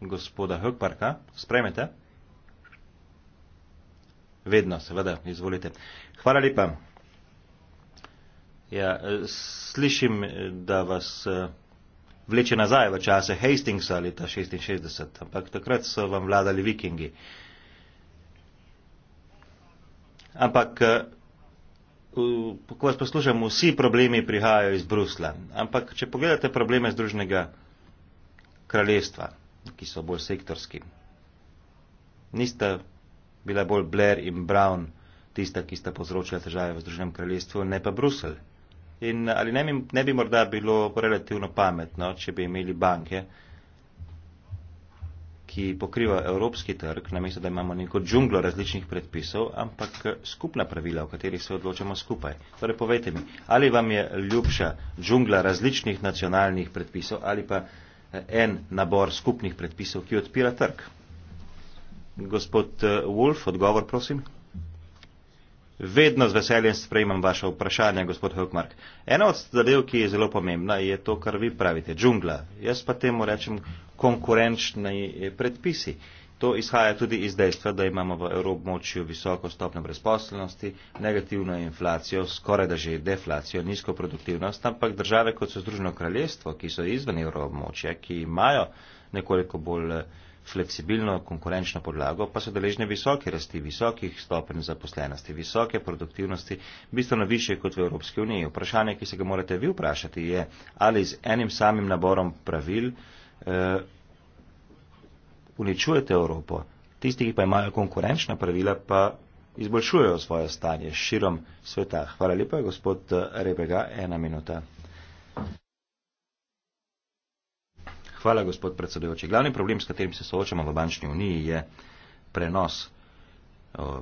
gospoda Högparka. Sprejmete vedno, seveda, izvolite. Hvala lepa. Ja, slišim, da vas eh, vleče nazaj v čase Hastings ali ta 66, ampak takrat so vam vladali vikingi. Ampak, eh, ko vas poslušam, vsi problemi prihajajo iz Brusla. Ampak, če pogledate probleme Združenega kraljestva, ki so bolj sektorski, niste bila bolj Blair in Brown tista, ki sta povzročila težave v Združenem kraljestvu, ne pa Bruselj. In ali ne bi, ne bi morda bilo relativno pametno, če bi imeli banke, ki pokrivajo evropski trg, namesto da imamo neko džunglo različnih predpisov, ampak skupna pravila, o katerih se odločamo skupaj. Torej povejte mi, ali vam je ljubša džungla različnih nacionalnih predpisov ali pa eh, en nabor skupnih predpisov, ki odpira trg? Gospod eh, Wolf, odgovor, prosim. Vedno z veseljem sprejemam vaše vprašanje, gospod Hökmark. Ena od zadev, ki je zelo pomembna, je to, kar vi pravite, džungla. Jaz pa temu rečem konkurenčni eh, predpisi. To izhaja tudi iz dejstva, da imamo v evrobmočju visoko stopno brezposelnosti, negativno inflacijo, skoraj da že deflacijo, nizko produktivnost, ampak države, kot so Združeno kraljestvo, ki so izven evrobmočja, ki imajo nekoliko bolj. Uh, fleksibilno konkurenčno podlago, pa so deležne visoke rasti, visokih stopenj zaposlenosti, visoke produktivnosti, bistveno više kot v Evropski uniji. Vprašanje, ki se ga morate vi vprašati, je, ali z enim samim naborom pravil eh, uničujete Evropo, tisti, ki pa imajo konkurenčna pravila, pa izboljšujejo svoje stanje širom sveta. Hvala lepa, gospod Rebega, ena minuta. Hvala, gospod predsedujoči. Glavni problem, s katerim se soočamo v bančni uniji, je prenos eh,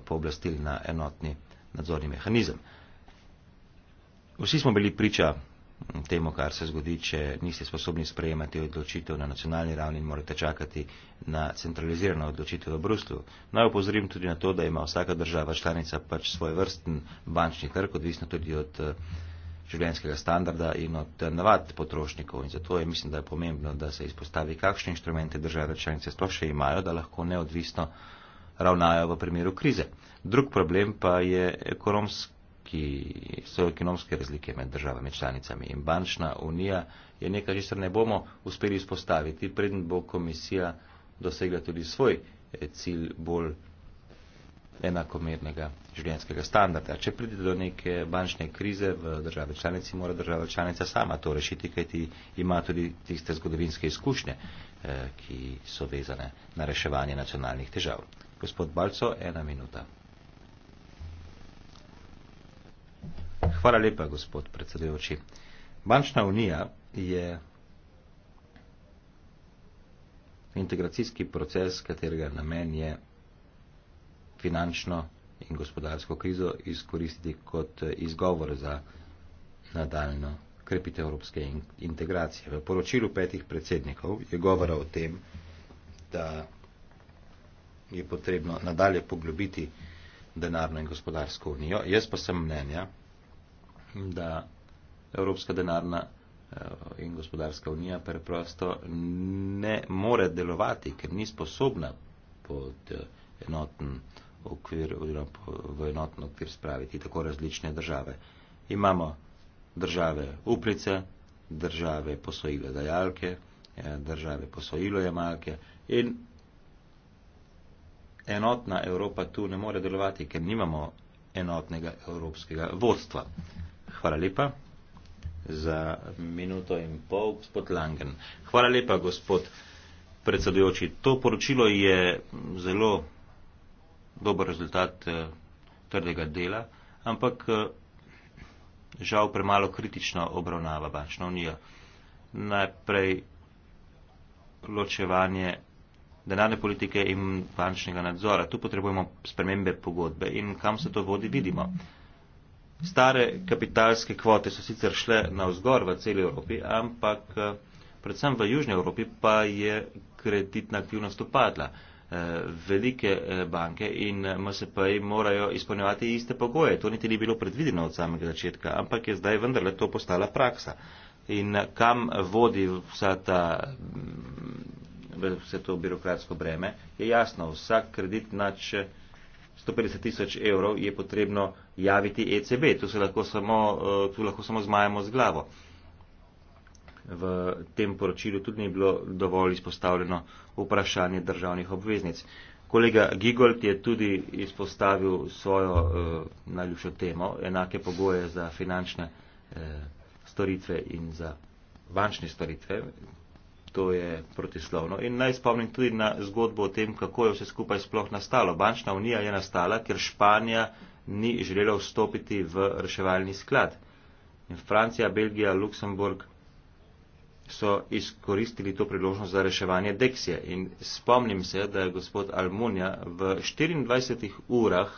pooblastil na enotni nadzorni mehanizem. Vsi smo bili priča temu, kar se zgodi, če niste sposobni sprejemati odločitev na nacionalni ravni in morate čakati na centralizirano odločitev v Bruslu. Naj opozorim tudi na to, da ima vsaka država članica pač svoj vrsten bančni trg, odvisno tudi od uh, življenjskega standarda in od navad potrošnikov. In zato je mislim, da je pomembno, da se izpostavi, kakšne inštrumente države članice sploh še imajo, da lahko neodvisno ravnajo v primeru krize. Drug problem pa je ekonomski. Ki so ekonomske razlike med državami članicami in bančna unija, je nekaj, česar ne bomo uspeli izpostaviti, predn bo komisija dosegla tudi svoj eh, cilj bolj enakomernega življenjskega standarda. Če pride do neke bančne krize v državi članici, mora država članica sama to rešiti, kajti ima tudi tiste zgodovinske izkušnje, eh, ki so vezane na reševanje nacionalnih težav. Gospod Balco, ena minuta. Hvala lepa, gospod predsedujoči. Bančna unija je integracijski proces, katerega namen je finančno in gospodarsko krizo izkoristiti kot eh, izgovor za nadaljno krepite evropske integracije. V poročilu petih predsednikov je govora o tem, da je potrebno nadalje poglobiti denarno in gospodarsko unijo. Jaz pa sem mnenja, da Evropska denarna eh, in gospodarska unija preprosto ne more delovati, ker ni sposobna pod eh, enotno okvir oziroma v enoten okvir spraviti tako različne države. Imamo države uplice, države posojile dajalke, ja, države posojilo jemalke in enotna Evropa tu ne more delovati, ker nimamo enotnega evropskega vodstva. Hvala lepa za minuto in pol, gospod Langen. Hvala lepa, gospod predsedujoči. To poročilo je zelo dober rezultat eh, trdega dela, ampak eh, žal premalo kritično obravnava bančno unijo. Najprej ločevanje denarne politike in bančnega nadzora. Tu potrebujemo spremembe pogodbe in kam se to vodi, vidimo. Stare kapitalske kvote so sicer šle na vzgor v celi Evropi, ampak eh, predvsem v Južnji Evropi pa je kreditna aktivnost upadla. Eh, velike eh, banke in eh, MSP morajo izpolnjevati iste pogoje. To niti ni bilo predvideno od samega začetka, ampak je zdaj vendarle to postala praksa. In kam vodi vsa ta, mm, vse to birokratsko breme, je jasno. Vsak kredit nad 150 tisoč evrov je potrebno javiti ECB. Tu, lahko samo, tu lahko samo zmajamo z glavo v tem poročilu tudi ni bilo dovolj izpostavljeno vprašanje državnih obveznic. Kolega Gigold je tudi izpostavil svojo eh, najljubšo temo, enake pogoje za finančne eh, storitve in za bančne storitve. To je protislovno. In naj spomnim tudi na zgodbo o tem, kako je vse skupaj sploh nastalo. Bančna unija je nastala, ker Španija ni želela vstopiti v reševalni sklad. In Francija, Belgija, Luksemburg eh, so izkoristili to priložnost za reševanje deksije. In spomnim se, da je gospod Almunja v 24 urah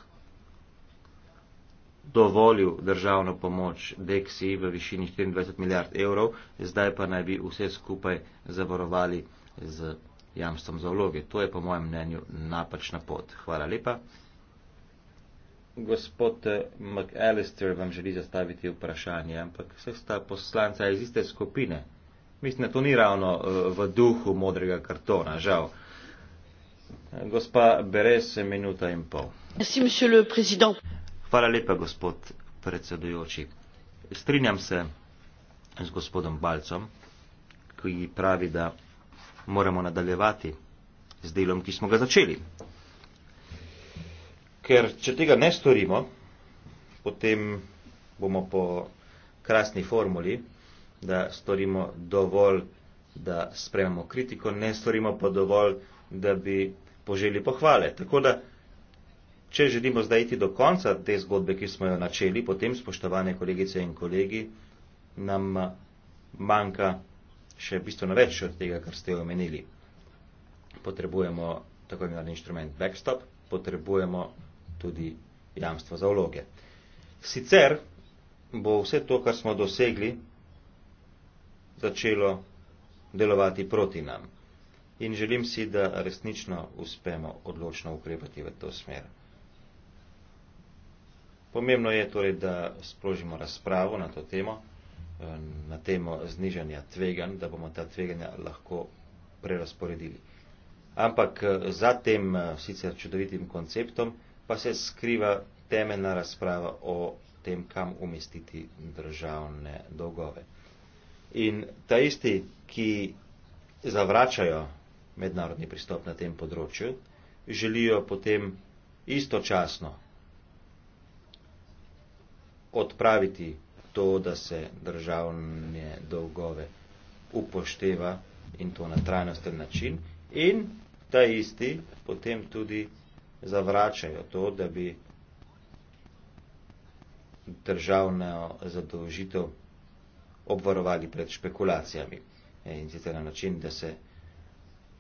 dovolil državno pomoč deksiji v višini 24 milijard evrov, zdaj pa naj bi vse skupaj zavarovali z jamstvom za vloge. To je po mojem mnenju napačna pot. Hvala lepa. Gospod eh, McAllister vam želi zastaviti vprašanje, ampak vse sta poslanca iz iste skupine. Mislim, da to ni ravno eh, v duhu modrega kartona, žal. Gospa Berese, minuta in pol. Hvala lepa, gospod predsedujoči. Strinjam se z gospodom Balcom, ki pravi, da moramo nadaljevati z delom, ki smo ga začeli. Ker če tega ne storimo, potem bomo po krasni formuli da storimo dovolj, da sprememo kritiko, ne storimo pa dovolj, da bi poželi pohvale. Tako da, če želimo zdaj iti do konca te zgodbe, ki smo jo načeli, potem, spoštovane kolegice in kolegi, nam eh, manjka še bistveno več od tega, kar ste omenili. Potrebujemo tako imenovani inštrument backstop, potrebujemo tudi jamstvo za vloge. Sicer bo vse to, kar smo dosegli, začelo delovati proti nam. In želim si, da resnično uspemo odločno ukrepati v to smer. Pomembno je torej, da sprožimo razpravo na to temo, eh, na temo znižanja tveganj, da bomo ta tveganja lahko prerasporedili. Ampak eh, za tem eh, sicer čudovitim konceptom pa se skriva temeljna razprava o tem, kam umestiti državne dolgove. In ta isti, ki zavračajo mednarodni pristop na tem področju, želijo potem istočasno odpraviti to, da se državne dolgove upošteva in to na trajnosten način. In ta isti potem tudi zavračajo to, da bi državno zadolžitev obvarovali pred špekulacijami in sicer na način, da se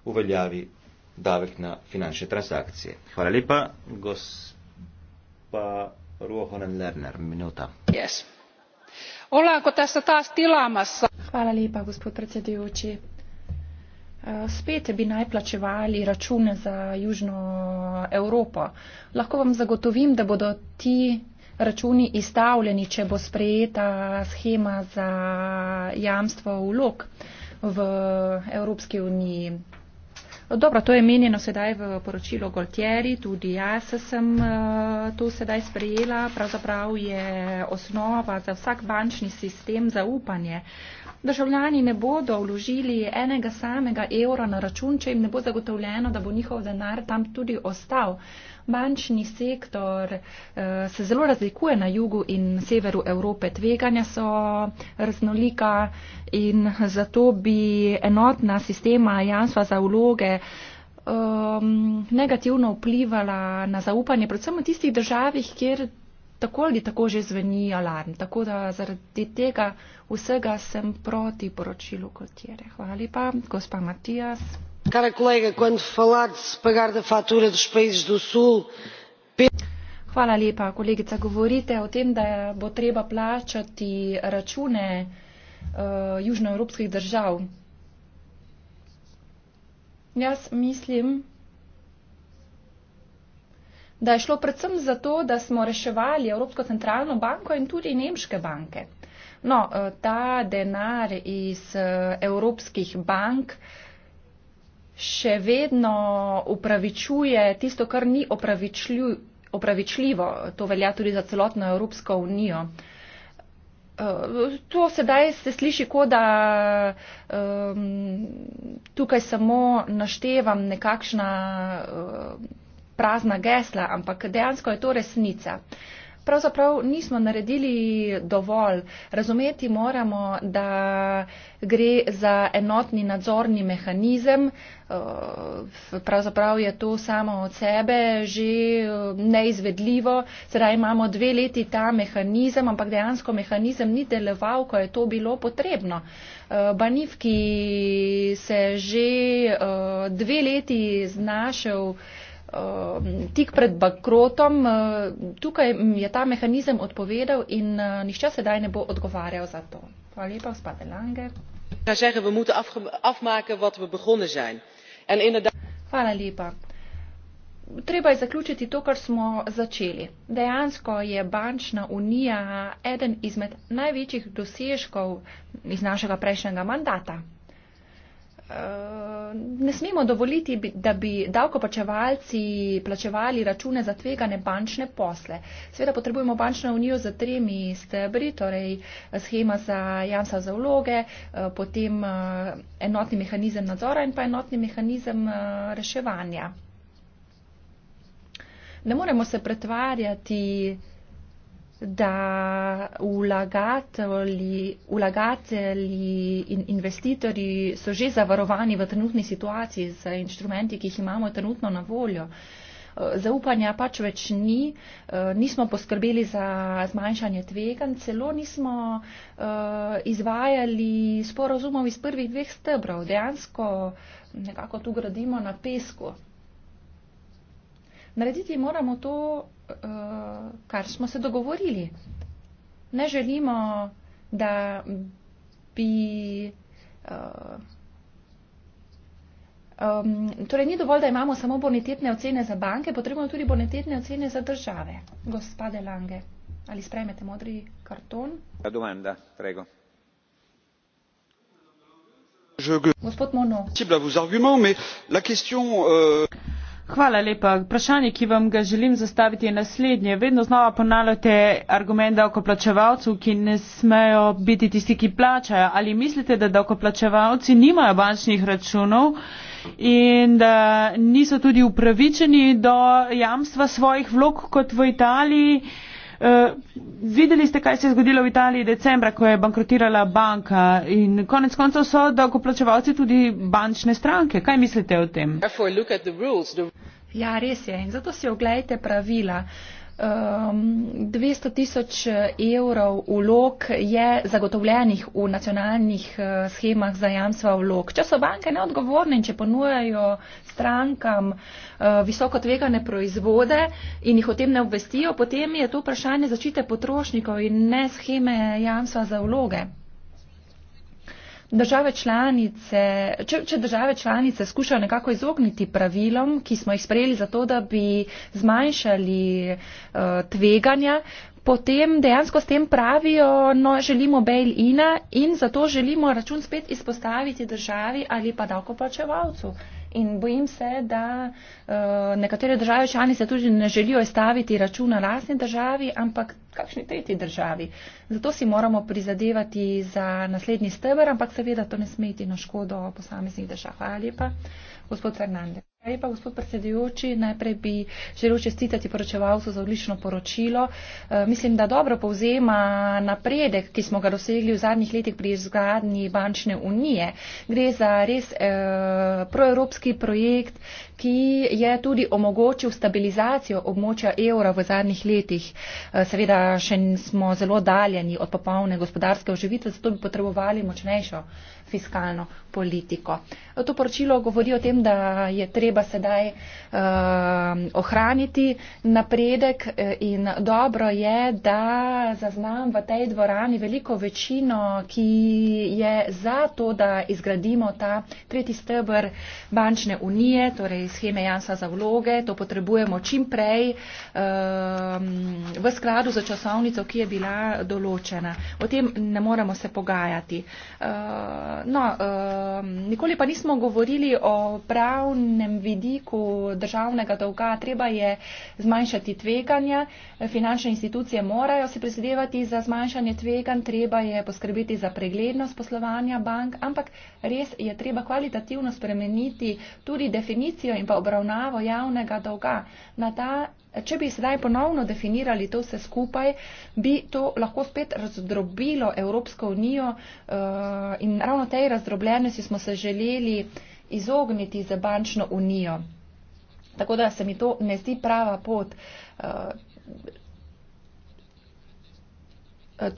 uveljavi davek na finančne transakcije. Hvala lepa, gospa Ruohonen Lerner, minuta. Yes. Olako, Hvala lepa, gospod predsedujoči. Eh, spet bi naj plačevali račune za Južno Evropo. Lahko vam zagotovim, da bodo ti računi izstavljeni, če bo sprejeta schema za jamstvo vlog v Evropski uniji. Dobro, to je menjeno sedaj v poročilo Goltieri, tudi jaz sem eh, to sedaj sprejela. Pravzaprav je osnova za vsak bančni sistem zaupanje. Uh, Državljani ne bodo vložili enega samega evra na račun, če jim ne bo zagotovljeno, da bo njihov denar tam tudi ostal. Bančni sektor eh, se zelo razlikuje na jugu in severu Evrope. Tveganja so raznolika in zato bi enotna sistema jamstva za vloge ehm, negativno vplivala na zaupanje, predvsem v tistih državah, kjer tako ali tako že zveni alarm. Tako da zaradi tega vsega sem proti poročilu kot je. Hvala lepa, gospa Matijas. Kara kolega, ko falate s pagar da fature dos países do sul, Hvala lepa, kolegica. Govorite o tem, da bo treba plačati račune uh, južnoevropskih držav. Jaz mislim, da je šlo predvsem za to, da smo reševali Evropsko centralno banko in tudi nemške banke. No, eh, ta denar iz eh, evropskih bank še vedno upravičuje tisto, kar ni opravičljivo. To velja tudi za celotno Evropsko unijo. Eh, to sedaj se sliši, kot da um, tukaj samo naštevam nekakšna. Um, prazna gesla, ampak dejansko je to resnica. Pravzaprav nismo naredili dovolj. Razumeti moramo, da gre za enotni nadzorni mehanizem. Eh, pravzaprav je to samo od sebe že eh, neizvedljivo. Sedaj imamo dve leti ta mehanizem, ampak dejansko mehanizem ni deloval, ko je to bilo potrebno. Eh, Baniv, ki se že dve leti znašel. Um, tik pred bankrotom. Uh, tukaj je ta mehanizem odpovedal in uh, nišče sedaj ne bo odgovarjal za to. Hvala lepa, gospod Lange. Hvala lepa. Treba je zaključiti to, kar smo začeli. Dejansko je bančna unija eden izmed največjih dosežkov iz našega prejšnjega mandata. Eh, ne smemo dovoliti, da bi davkoplačevalci plačevali račune za tvegane bančne posle. Sveda potrebujemo bančno unijo za tremi stebri, torej eh, schema za jamstva za vloge, eh, potem enotni mehanizem nadzora in pa enotni mehanizem reševanja. Ne moremo se pretvarjati, da vlagatelji, vlagatelji in investitorji so že zavarovani v trenutni situaciji z inštrumenti, ki jih imamo trenutno na voljo. Eh, zaupanja pač več ni, eh, nismo poskrbeli za zmanjšanje tvegan, celo nismo eh, izvajali sporozumov iz prvih dveh stebrov, dejansko nekako tu gradimo na pesku. Narediti moramo to uh, kar smo se dogovorili. Ne želimo, da bi. Uh, Um, torej, ni dovolj, da imamo samo bonitetne ocene za banke, potrebujemo tudi bonitetne ocene za države. Gospode Lange, ali sprejmete modri karton? Ja, domanda, prego. Gospod Mono. Hvala lepa. Vprašanje, ki vam ga želim zastaviti, je naslednje. Vedno znova ponavljate argument davkoplačevalcev, ki ne smejo biti tisti, ki plačajo. Ali mislite, da davkoplačevalci nimajo bančnih računov in da niso tudi upravičeni do jamstva svojih vlog kot v Italiji? Eh, videli ste, kaj se je zgodilo v Italiji decembra, ko je bankrotirala banka in konec koncev so dolgoplačevalci tudi bančne stranke. Kaj mislite o tem? Ja, res je. In zato si oglejte pravila. Uh, Um, ehm, 200 tisoč eh, evrov vlog je zagotovljenih v nacionalnih uh, eh, schemah za jamstva vlog. Če so banke neodgovorne in če ponujajo strankam uh, visoko tvegane proizvode in jih o tem ne obvestijo, potem je to vprašanje začite potrošnikov in ne scheme jamstva za vloge države članice, če, če države članice skušajo nekako izogniti pravilom, ki smo jih sprejeli za to, da bi zmanjšali uh, tveganja, potem dejansko s tem pravijo, no, želimo bail-ina in zato želimo račun spet izpostaviti državi ali pa davkoplačevalcu. Uh, in bojim se, da uh, nekatere države članice tudi ne želijo staviti računa lastni državi, ampak kakšni tretji državi. Zato si moramo prizadevati za naslednji stebr, ampak seveda to ne smeti na škodo posameznih držav. Hvala lepa, gospod Fernandez lepa, gospod predsedujoči. Najprej bi želel čestitati poročevalcu za odlično poročilo. E, mislim, da dobro povzema napredek, ki smo ga dosegli v zadnjih letih pri izgradnji bančne unije. Gre za res e, proevropski projekt, ki je tudi omogočil stabilizacijo območja evra v zadnjih letih. Eh, seveda še smo zelo daljeni od popolne gospodarske oživitve, zato bi potrebovali močnejšo fiskalno politiko. Eh, to poročilo govori o tem, da je treba sedaj uh, ohraniti napredek in dobro je, da zaznam v tej dvorani veliko večino, ki je za to, da izgradimo ta tretji stebr bančne unije, torej scheme Jansa za vloge. To potrebujemo čim prej um, v skladu za časovnico, ki je bila določena. O tem ne moremo se pogajati. Uh, no, um, nikoli pa nismo govorili o pravnem vidiku državnega dolga. Treba je zmanjšati tveganja. Finančne institucije morajo se prizadevati za zmanjšanje tvegan. Treba je poskrbeti za preglednost poslovanja bank, ampak res je treba kvalitativno spremeniti tudi definicijo in pa obravnavo javnega dolga. Ta, če bi sedaj ponovno definirali to vse skupaj, bi to lahko spet razdrobilo Evropsko unijo eh, in ravno tej razdrobljenosti smo se želeli izogniti za bančno unijo. Tako da se mi to ne zdi prava pot. Eh,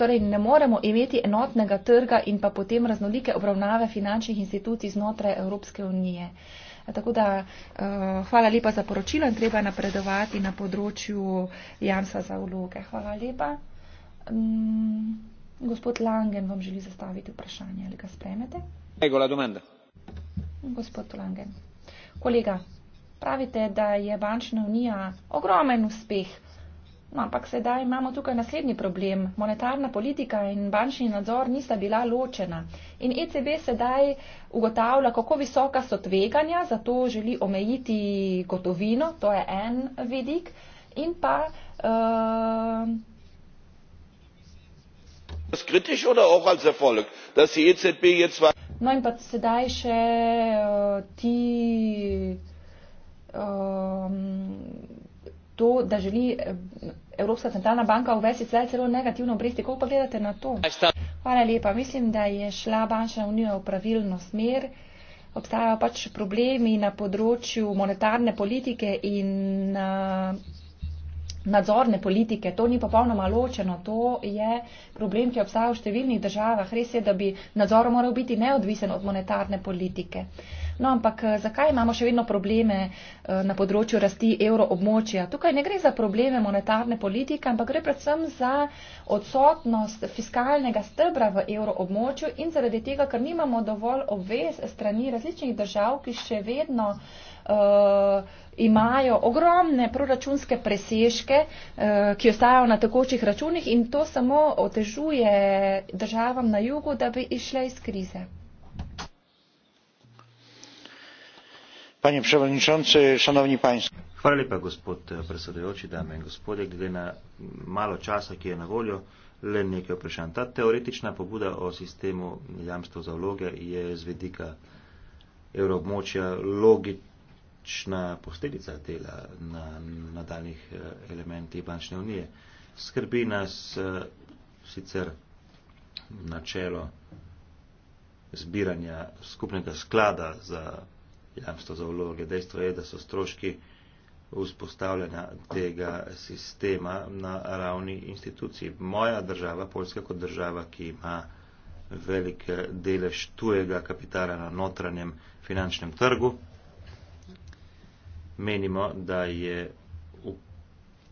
torej, ne moremo imeti enotnega trga in pa potem raznolike obravnave finančnih institucij znotraj Evropske unije. Uh, Tako da eh, hvala lepa za poročilo in treba napredovati na področju jamstva za vloge. Hvala lepa. Mm, gospod Langen vam želi zastaviti vprašanje, ali ga spremete? Ego, la domanda. Gospod Langen. Kolega, pravite, da je bančna unija ogromen uspeh. No, ampak sedaj imamo tukaj naslednji problem. Monetarna politika in bančni nadzor nista bila ločena. In ECB sedaj ugotavlja, kako visoka so tveganja, zato želi omejiti gotovino, to je en vidik. In pa. Uh, no in pa sedaj še uh, ti. Um, to, da želi eh, Evropska centralna banka uvesti sedaj celo negativno obresti. Kako pa gledate na to? Hvala lepa. Mislim, da je šla bančna unija v pravilno smer. Obstajajo pač problemi na področju monetarne politike in eh, nadzorne politike. To ni popolnoma ločeno. To je problem, ki obstaja v številnih državah. Res je, da bi nadzor moral biti neodvisen od monetarne politike. No, ampak eh, zakaj imamo še vedno probleme eh, na področju rasti evroobmočja? Tukaj ne gre za probleme monetarne politike, ampak gre predvsem za odsotnost fiskalnega stebra v evroobmočju in zaradi tega, ker nimamo dovolj obvez strani različnih držav, ki še vedno uh, imajo ogromne proračunske presežke, uh, ki ostajajo na tekočih računih in to samo otežuje državam na jugu, da bi išle iz krize. Panie przewodniczący, szanowni państwo. Hvala lepa, gospod eh, predsedujoči, dame in gospodje. Glede na mm, malo časa, ki je na voljo, le nekaj vprašanj. Ta teoretična pobuda o sistemu jamstva za vloge je z vedika evroobmočja logična posledica dela na nadaljnih eh, elementih bančne unije. Skrbi nas eh, sicer načelo zbiranja skupnega sklada za jamstvo za vloge. Dejstvo je, da so stroški vzpostavljanja tega sistema na ravni institucij. Moja država, Poljska kot država, ki ima velik delež tujega kapitala na notranjem finančnem trgu, menimo, da je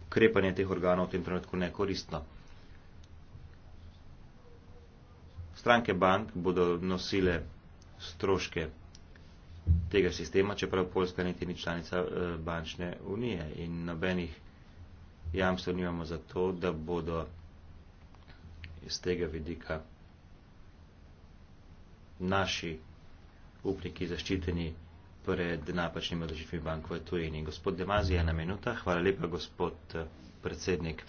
ukrepanje teh organov v tem trenutku nekoristno. Stranke bank bodo nosile stroške tega sistema, čeprav Poljska niti ni članica eh, bančne unije in nobenih jamstv nimamo za to, da bodo iz tega vidika naši upniki zaščiteni pred napačnimi odločitvami bank v tujini. Gospod Demazija na minuta, hvala lepa gospod. Eh, predsednik.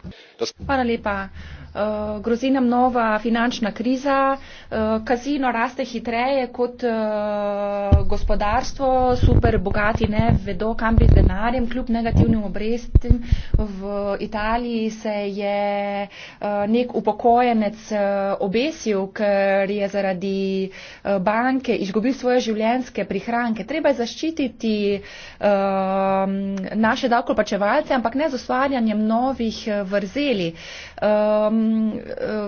Hvala lepa. Uh, grozi nam nova finančna kriza, uh, kazino raste hitreje kot uh, gospodarstvo, super bogati ne vedo, kam bi z denarjem, kljub negativnim obrestim. V Italiji se je uh, nek upokojenec uh, obesil, ker je zaradi uh, banke izgubil svoje življenjske prihranke. Treba je zaščititi uh, naše davkoplačevalce, ampak ne z ustvarjanjem novih novih eh, vrzeli. Um,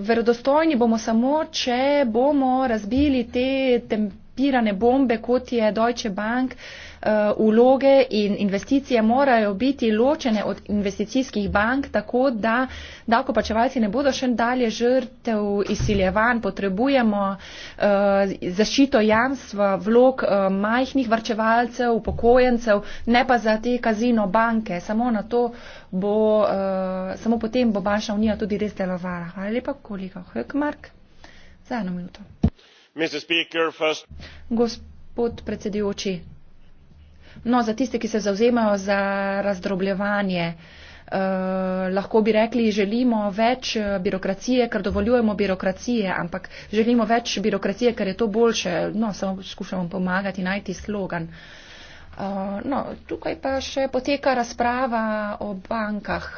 verodostojni bomo samo, če bomo razbili te tempirane bombe, kot je Deutsche Bank. Uh, Eh, vloge in investicije morajo biti ločene od investicijskih bank, tako da davkopačevalci ne bodo še dalje žrtev izsiljevan. Potrebujemo eh, zašito jamstva vlog eh, majhnih varčevalcev, upokojencev, ne pa za te kazino banke. Samo, bo, samo potem bo bančna unija tudi res delovala. Hvala lepa, kolega Hökmark. Za eno minuto. Gospod predsedujoči, No, za tiste, ki se zauzemajo za razdrobljevanje, eh, lahko bi rekli, želimo več eh, birokracije, ker dovoljujemo birokracije, ampak želimo več birokracije, ker je to boljše. No, samo skušamo pomagati najti slogan. Eh, no, tukaj pa še poteka razprava o bankah.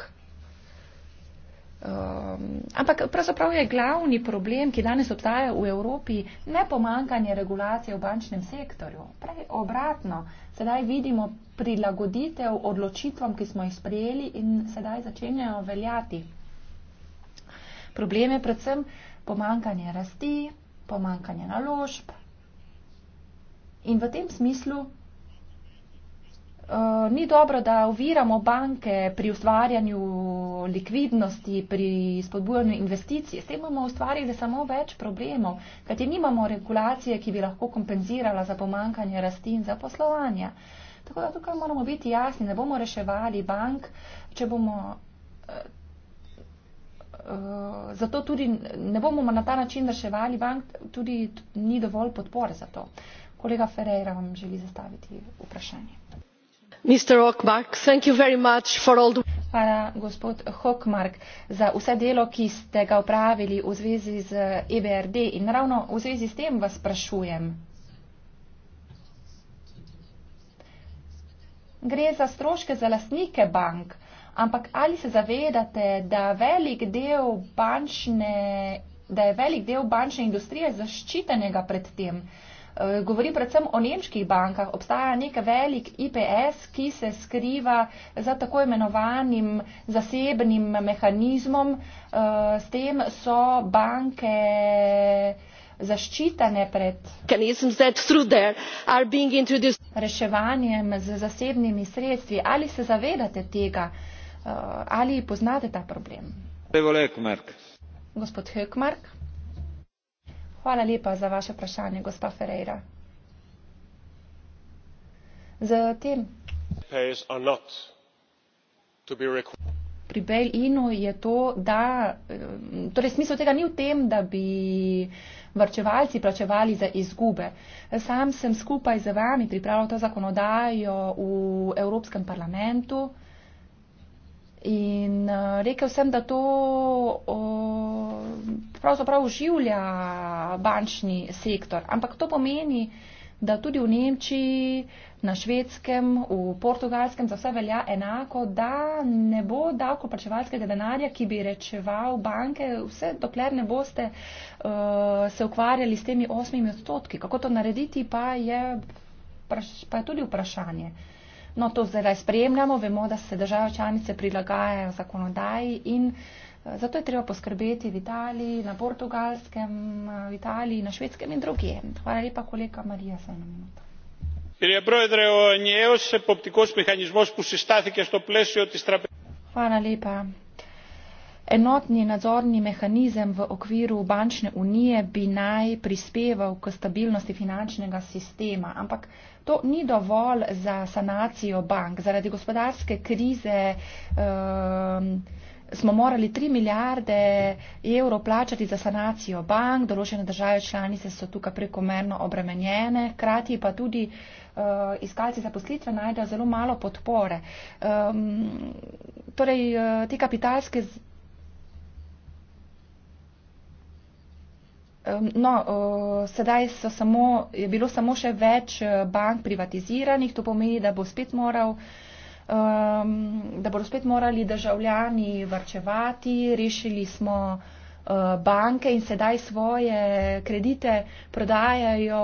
Um, ampak pravzaprav je glavni problem, ki danes obstaja v Evropi, ne pomankanje regulacije v bančnem sektorju. Prej obratno, sedaj vidimo prilagoditev odločitvam, ki smo jih sprejeli in sedaj začenjajo veljati. Problem je predvsem pomankanje rasti, pomankanje naložb. In v tem smislu Eh, ni dobro, da oviramo banke pri ustvarjanju likvidnosti, pri spodbujanju investicij. S tem bomo ustvarili samo več problemov, kajti nimamo regulacije, ki bi lahko kompenzirala za pomankanje rasti in za poslovanje. Tako da tukaj moramo biti jasni, ne bomo reševali bank, če bomo. Eh, eh, zato tudi ne bomo na ta način reševali bank, tudi ni dovolj podpore za to. Kolega Ferreira vam želi zastaviti vprašanje hvala gospod hkmark za vse delo ki ste ga opravili v zvezi z ebrd in ravno v zvezi s tem vas sprašujem. gre za stroške za lastnike bank ampak ali se zavedate da velik del bančne da je velik del bančne industrije zaščitenega pred tem? Eh, Govorim predvsem o nemških bankah. Obstaja nek velik IPS, ki se skriva za tako imenovanim zasebnim mehanizmom. Eh, s tem so banke zaščitene pred reševanjem z zasebnimi sredstvi. Ali se zavedate tega? Eh, ali poznate ta problem? Gospod Hökmark. Hvala lepa za vaše vprašanje, gospa Ferreira. Zatem. Pri Bail-inu je to, da. Torej, smisel tega ni v tem, da bi vrčevalci plačevali za izgube. Sam sem skupaj z vami pripravil to zakonodajo v Evropskem parlamentu. In uh, rekel sem, da to uh, pravzaprav uživlja bančni sektor. Ampak to pomeni, da tudi v Nemčiji, na švedskem, v portugalskem za vse velja enako, da ne bo davkoplačevalskega denarja, ki bi rečeval banke, vse dokler ne boste uh, se ukvarjali s temi osmimi odstotki. Kako to narediti, pa je, pa je tudi vprašanje. Uh, No, to zdaj spremljamo, vemo, da se države članice prilagajajo zakonodaji in eh, zato je treba poskrbeti v Italiji, na Portugalskem, eh, v Italiji, na Švedskem in drugje. Hvala lepa, kolega Marija, za eno minuto. Hvala lepa. Enotni nadzorni mehanizem v okviru bančne unije bi naj prispeval k stabilnosti finančnega sistema, ampak to ni dovolj za sanacijo bank. Zaradi gospodarske krize um, smo morali 3 milijarde evrov plačati za sanacijo bank, določene države članice so tukaj prekomerno obremenjene, krati pa tudi uh, iskalci zaposlitve najdejo zelo malo podpore. Um, torej, uh, te kapitalske No, sedaj samo, je bilo samo še več eh, bank privatiziranih, to pomeni, da, bo spet moral, da bodo spet morali državljani varčevati, rešili smo eh, banke in sedaj svoje kredite prodajajo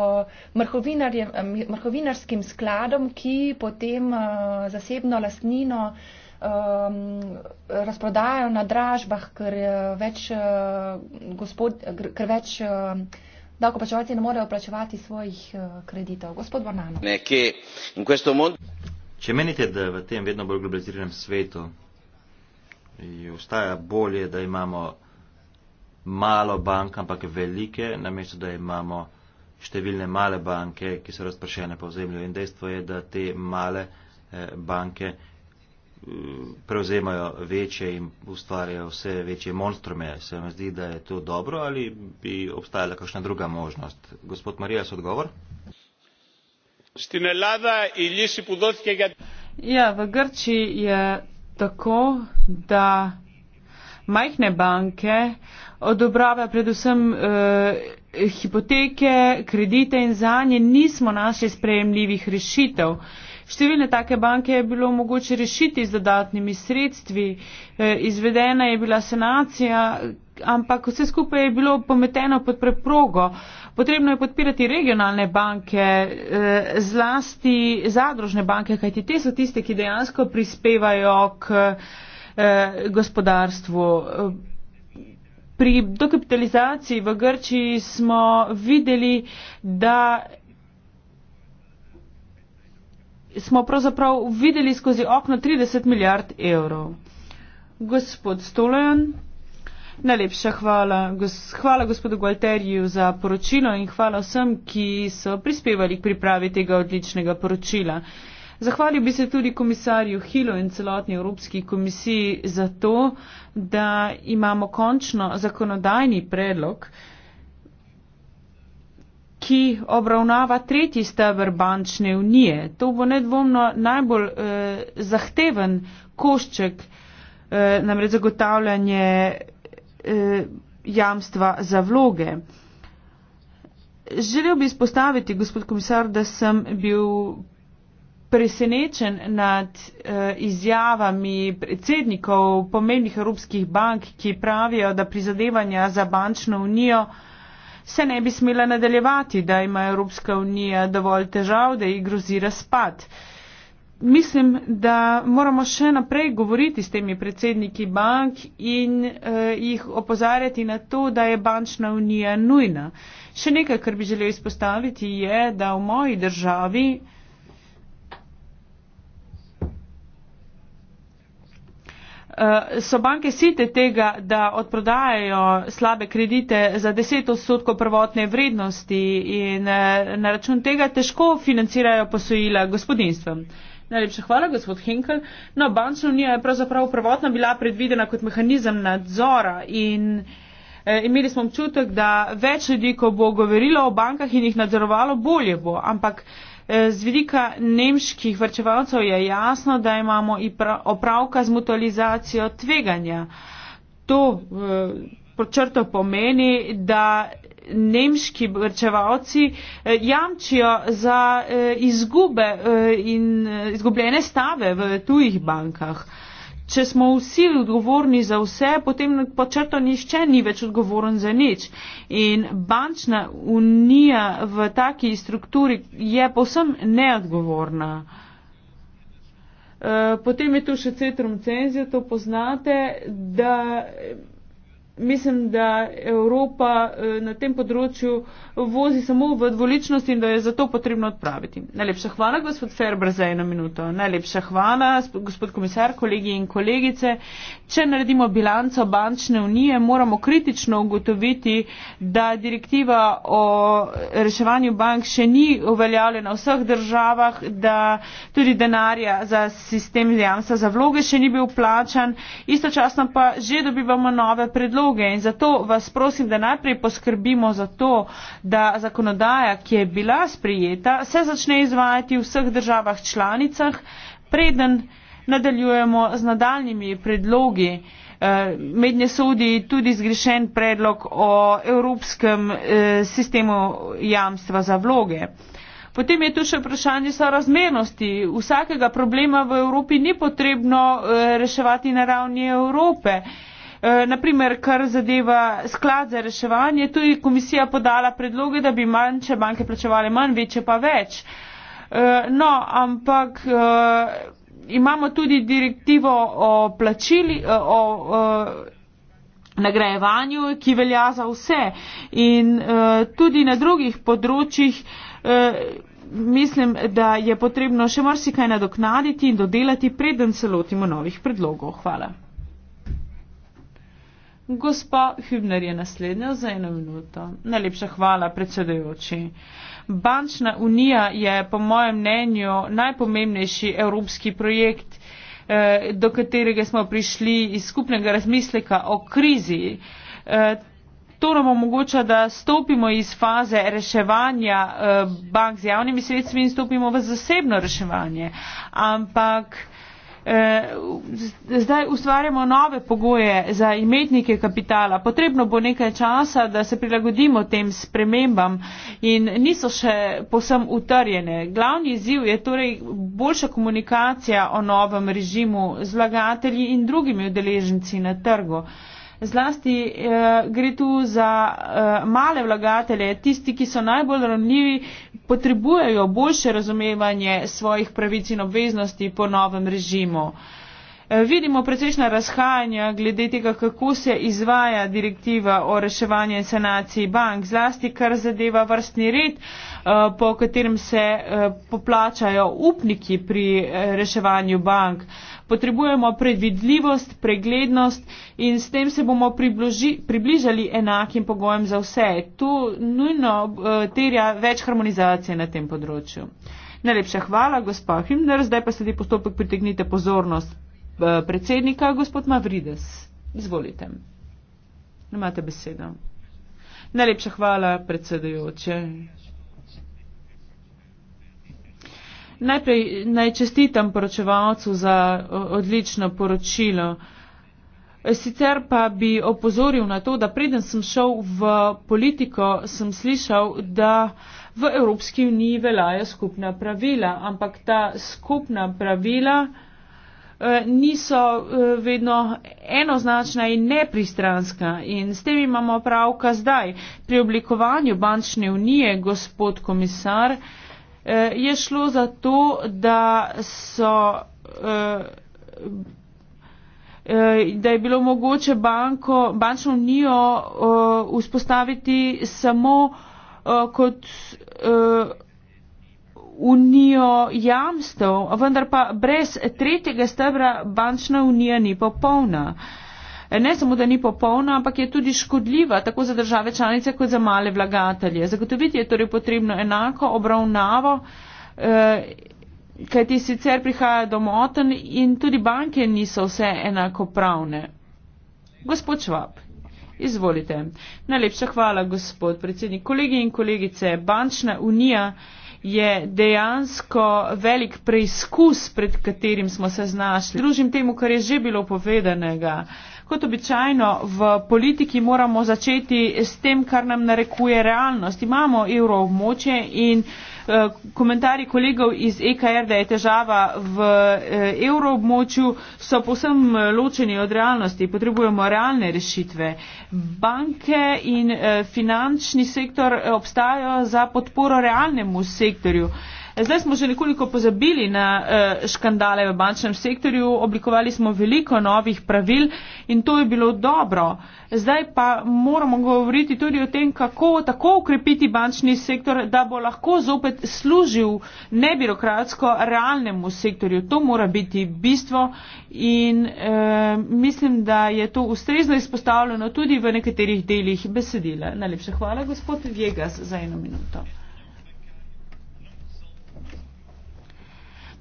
mrhovinarskim skladom, ki potem eh, zasebno lastnino um, razprodajajo na dražbah, ker eh, več, uh, gospod, ker več uh, davkoplačevalci ne morejo plačevati svojih uh, kreditov. Gospod Barnano. Če menite, da v tem vedno bolj globaliziranem svetu ostaja bolje, da imamo malo bank, ampak velike, namesto da imamo številne male banke, ki so razpršene po zemlji. In dejstvo je, da te male banke prevzemajo večje in ustvarjajo vse večje monstrume. Se vam zdi, da je to dobro ali bi obstajala kakšna druga možnost? Gospod Marijas, odgovor. Ja, v Grčiji je tako, da majhne banke odobravajo predvsem eh, hipoteke, kredite in zanje nismo našli sprejemljivih rešitev. Eh, Številne take banke je bilo mogoče rešiti z dodatnimi sredstvi, e, izvedena je bila sanacija, ampak vse skupaj je bilo pometeno pod preprogo. Potrebno je podpirati regionalne banke, e, zlasti zadružne banke, kajti te so tiste, ki dejansko prispevajo k e, gospodarstvu. Pri dokapitalizaciji v Grčiji smo videli, da smo pravzaprav videli skozi okno 30 milijard evrov. Gospod Stolojan, najlepša hvala. Hvala gospodu Gualterju za poročilo in hvala vsem, ki so prispevali k pripravi tega odličnega poročila. Zahvalil bi se tudi komisarju Hilo in celotni Evropski komisiji za to, da imamo končno zakonodajni predlog, ki obravnava tretji stebr bančne unije. To bo nedvomno najbolj eh, zahteven košček, eh, namreč zagotavljanje eh, jamstva za vloge. Želel bi izpostaviti, gospod komisar, da sem bil presenečen nad eh, izjavami predsednikov pomembnih evropskih bank, ki pravijo, da prizadevanja za bančno unijo eh, se ne bi smela nadaljevati, da ima Evropska unija dovolj težav, da ji grozi razpad. Mislim, da moramo še naprej govoriti s temi predsedniki bank in eh, jih opozarjati na to, da je bančna unija nujna. Še nekaj, kar bi želel izpostaviti, je, da v moji državi Eh, so banke site tega, da odprodajajo slabe kredite za 10 odstotkov prvotne vrednosti in eh, na račun tega težko financirajo posojila gospodinstvom. Najlepša hvala, gospod Henkel. No, bančna unija je pravzaprav prvotno bila predvidena kot mehanizem nadzora in eh, imeli smo občutek, da več ljudi, ko bo govorilo o bankah in jih nadzorovalo, bolje bo. Ampak Eh, z vidika nemških vrčevalcev je jasno, da imamo opravka z mutualizacijo tveganja. To eh, počrto pomeni, da nemški vrčevalci eh, jamčijo za izgube in izgubljene stave v tujih bankah če smo vsi odgovorni za vse, potem pa črto nišče ni več odgovoren za nič. In bančna unija v taki strukturi je posem neodgovorna. Eh, potem je tu še cetrum cenzija, to poznate, da mislim, da Evropa eh, na tem področju vozi samo v dvoličnost in da je zato potrebno odpraviti. Najlepša hvala, gospod Ferber, za eno minuto. Najlepša hvala, gospod komisar, kolegi in kolegice. Če naredimo bilanco bančne unije, moramo kritično ugotoviti, da direktiva o reševanju bank še ni uveljavljena v vseh državah, da tudi denarja za sistem jamstva za vloge še ni bil plačan. Istočasno pa že dobivamo nove predloge dolge in zato vas prosim, da najprej poskrbimo za to, da zakonodaja, ki je bila sprijeta, se začne izvajati v vseh državah članicah, preden nadaljujemo z nadaljnimi predlogi. Eh, Med nje sodi tudi zgrešen predlog o evropskem eh, sistemu jamstva za vloge. Potem je tu še vprašanje sorazmernosti. Vsakega problema v Evropi ni potrebno eh, reševati na ravni Evrope. Eh, naprimer, kar zadeva sklad za reševanje, tu je komisija podala predloge, da bi manjše banke plačevali manj, večje pa več. Eh, no, ampak eh, imamo tudi direktivo o plačili, o, o nagrajevanju, ki velja za vse. In tudi na drugih področjih mislim, da je potrebno še marsikaj nadoknaditi in dodelati, preden se lotimo novih predlogov. Hvala. Gospa Hübner je naslednja za eno minuto. Najlepša hvala, predsedujoči. Bančna unija je po mojem mnenju najpomembnejši evropski projekt, eh, do katerega smo prišli iz skupnega razmisleka o krizi. Eh, to nam omogoča, da stopimo iz faze reševanja eh, bank z javnimi sredstvi in stopimo v zasebno reševanje. Ampak Eh, zdaj ustvarjamo nove pogoje za imetnike kapitala. Potrebno bo nekaj časa, da se prilagodimo tem spremembam in niso še posem utrjene. Glavni izziv je torej boljša komunikacija o novem režimu z vlagatelji in drugimi udeleženci na trgu. Zlasti eh, gre tu za eh, male vlagatelje, tisti, ki so najbolj ranljivi, potrebujejo boljše razumevanje svojih pravic in obveznosti po novem režimu. Eh, Vidimo precejšnja razhajanja glede tega, kako se izvaja direktiva o reševanju in sanaciji bank, zlasti kar zadeva vrstni red, eh, po katerem se eh, poplačajo upniki pri eh, reševanju bank. Potrebujemo predvidljivost, preglednost in s tem se bomo približi, približali enakim pogojem za vse. Tu nujno terja več harmonizacije na tem področju. Najlepša hvala, gospod Himner. Zdaj pa sledi postopek pritegnite pozornost. Eh, predsednika, gospod Mavrides. Izvolite. Imate besedo. Najlepša hvala, predsedujoče. Najprej naj čestitam poročevalcu za eh, odlično poročilo. Eh, sicer pa bi opozoril na to, da preden sem šel v politiko, sem slišal, da v Evropski uniji veljajo skupna pravila, ampak ta skupna pravila Eh, niso eh, vedno enoznačna in nepristranska in s tem imamo pravka zdaj. Pri oblikovanju bančne unije, gospod komisar, eh, je šlo za to, da so da je bilo mogoče banko, bančno unijo uh, vzpostaviti samo uh, kot uh, unijo jamstev, vendar pa brez tretjega stebra bančna unija ni popolna. Ne samo, da ni popolna, ampak je tudi škodljiva tako za države članice kot za male vlagatelje. Zagotoviti je torej potrebno enako obravnavo, eh, kajti sicer prihaja do moten in tudi banke niso vse enakopravne. Gospod Švab. Izvolite. Najlepša hvala, gospod predsednik. Kolegi in kolegice, bančna unija je dejansko velik preizkus, pred katerim smo se znašli. Družim temu, kar je že bilo povedanega. Kot običajno v politiki moramo začeti s tem, kar nam narekuje realnost. Imamo evroobmoče in eh, komentarji kolegov iz EKR, da je težava v eh, evroobmočju, so posem eh, ločeni od realnosti. Potrebujemo realne rešitve. Banke in finančni sektor obstajajo za podporo realnemu sektorju. Zdaj smo že nekoliko pozabili na eh, škandale v bančnem sektorju, oblikovali smo veliko novih pravil in to je bilo dobro. Zdaj pa moramo govoriti tudi o tem, kako tako ukrepiti bančni sektor, da bo lahko zopet služil nebirokratsko realnemu sektorju. To mora biti bistvo in e, mislim, da je to ustrezno izpostavljeno tudi v nekaterih delih besedila. Najlepša hvala, gospod Vjegas, za eno minuto.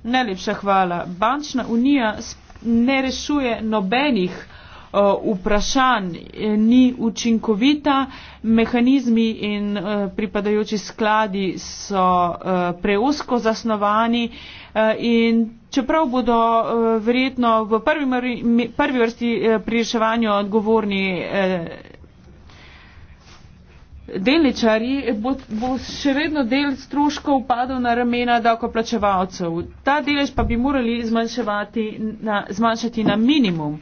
Najlepša hvala. Bančna unija ne rešuje nobenih eh, vprašanj, eh, ni učinkovita, mehanizmi in eh, pripadajoči skladi so preosko zasnovani in čeprav bodo verjetno v prvi vrsti pri reševanju odgovorni delničarji, bo, bo še vedno del stroškov padel na ramena davkoplačevalcev. Ta delež pa bi morali zmanjševati na, zmanjšati na minimum.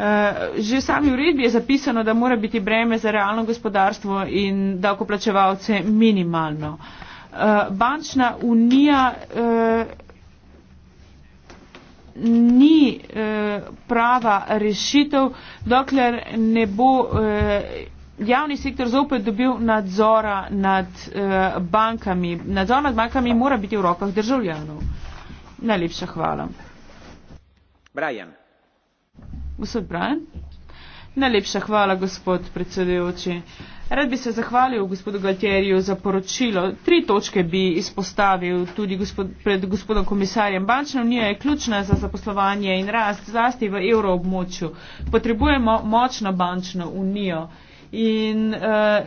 Uh, že v sami uredbi je zapisano, da mora biti breme za realno gospodarstvo in davkoplačevalce minimalno. Uh, bančna unija uh, ni uh, prava rešitev, dokler ne bo. Uh, javni sektor zopet dobil nadzora nad eh, bankami. Nadzor nad bankami mora biti v rokah državljanov. Najlepša hvala. Brian. Gospod Brian. Najlepša hvala, gospod predsedujoči. Rad bi se zahvalil gospodu Galtjeriju za poročilo. Tri točke bi izpostavil tudi gospod, pred gospodom komisarjem. Bančna unija je ključna za zaposlovanje in rast zlasti v evroobmočju. Potrebujemo močno bančno unijo in uh,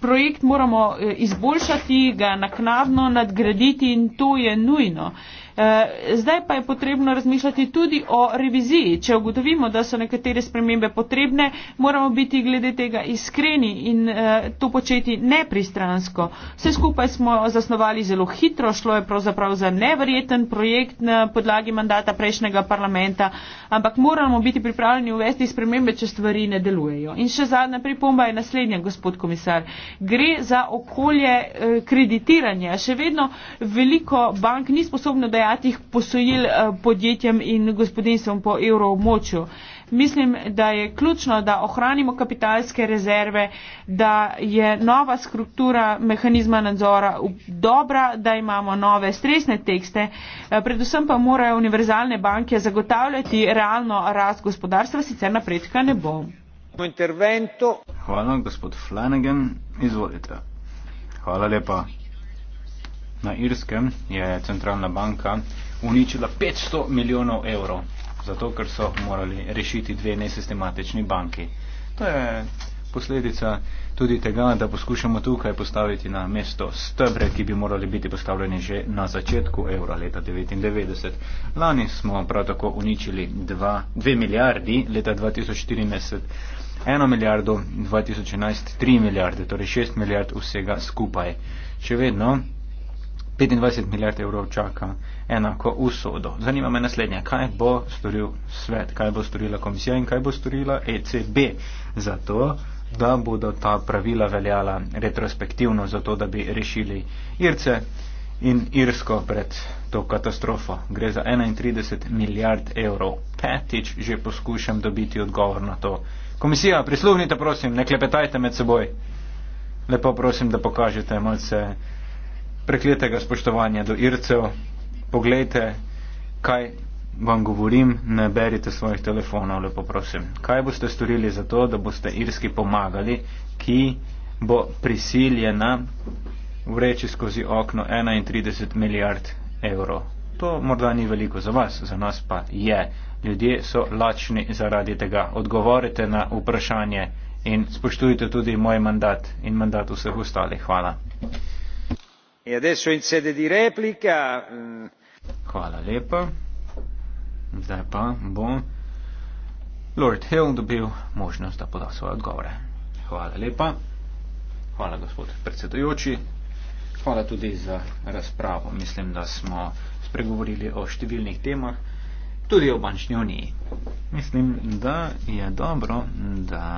projekt moramo eh, izboljšati, ga naknadno nadgraditi in to je nujno. Uh, Eh, zdaj pa je potrebno razmišljati tudi o reviziji. Če ugotovimo, da so nekatere spremembe potrebne, moramo biti glede tega iskreni in eh, to početi nepristransko. Vse skupaj smo zasnovali zelo hitro, šlo je pravzaprav za neverjeten projekt na podlagi mandata prejšnjega parlamenta, ampak moramo biti pripravljeni uvesti spremembe, če stvari ne delujejo. In še zadnja pripomba je naslednja, gospod komisar. Gre za okolje eh, kreditiranja. Še vedno veliko bank ni sposobno dajati dajatih posojil eh, podjetjem in gospodinstvom po evroobmočju. Mislim, da je ključno, da ohranimo kapitalske rezerve, da je nova struktura mehanizma nadzora dobra, da imamo nove stresne tekste. Eh, predvsem pa morajo univerzalne banke zagotavljati realno rast gospodarstva, sicer napredka ne bo. Hvala, gospod Flanagan. Izvolite. Hvala lepa na Irskem je centralna banka uničila 500 milijonov evrov, zato ker so morali rešiti dve nesistematični banki. To je posledica tudi tega, da poskušamo tukaj postaviti na mesto stebre, ki bi morali biti postavljeni že na začetku evra leta 1999. Lani smo prav tako uničili 2 milijardi leta 2014, 1 milijardo 2011, 3 milijarde, torej 6 milijard vsega skupaj. Še vedno 25 milijard evrov čaka enako usodo. Zanima me naslednje, kaj bo storil svet, kaj bo storila komisija in kaj bo storila ECB za to, da bodo ta pravila veljala retrospektivno za to, da bi rešili Irce in Irsko pred to katastrofo. Gre za 31 milijard evrov. Petič že poskušam dobiti odgovor na to. Komisija, prisluhnite prosim, ne klepetajte med seboj. Lepo prosim, da pokažete malce prekletega spoštovanja do ircev, poglejte, kaj vam govorim, ne berite svojih telefonov, lepo prosim. Kaj boste storili za to, da boste irski pomagali, ki bo prisiljena vreči skozi okno 31 milijard evrov? To morda ni veliko za vas, za nas pa je. Ljudje so lačni zaradi tega. Odgovorite na vprašanje in spoštujte tudi moj mandat in mandat vseh ostalih. Hvala. E mm. hvala lepa zdaj pa bo lord hill dobil možnost da poda svoje odgovore hvala lepa hvala gospod predsedujoči hvala tudi za razpravo mislim da smo spregovorili o številnih temah tudi o bančni uniji mislim da je dobro da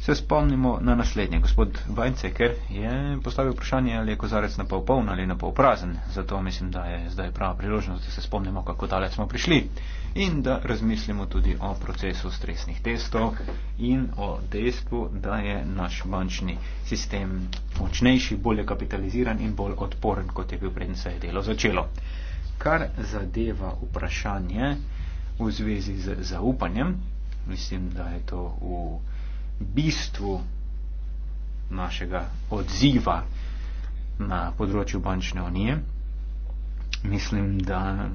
se spomnimo na naslednje. Gospod Vajnceker je postavil vprašanje, ali je kozarec na pol poln ali na pol prazen. Zato mislim, da je zdaj prava priložnost, da se spomnimo, kako daleč smo prišli in da razmislimo tudi o procesu stresnih testov in o dejstvu, da je naš bančni sistem močnejši, bolje kapitaliziran in bolj odporen, kot je bil predtem se je delo začelo. Kar zadeva vprašanje v zvezi z zaupanjem, mislim, da je to v bistvu našega odziva na področju bančne unije. Mislim, da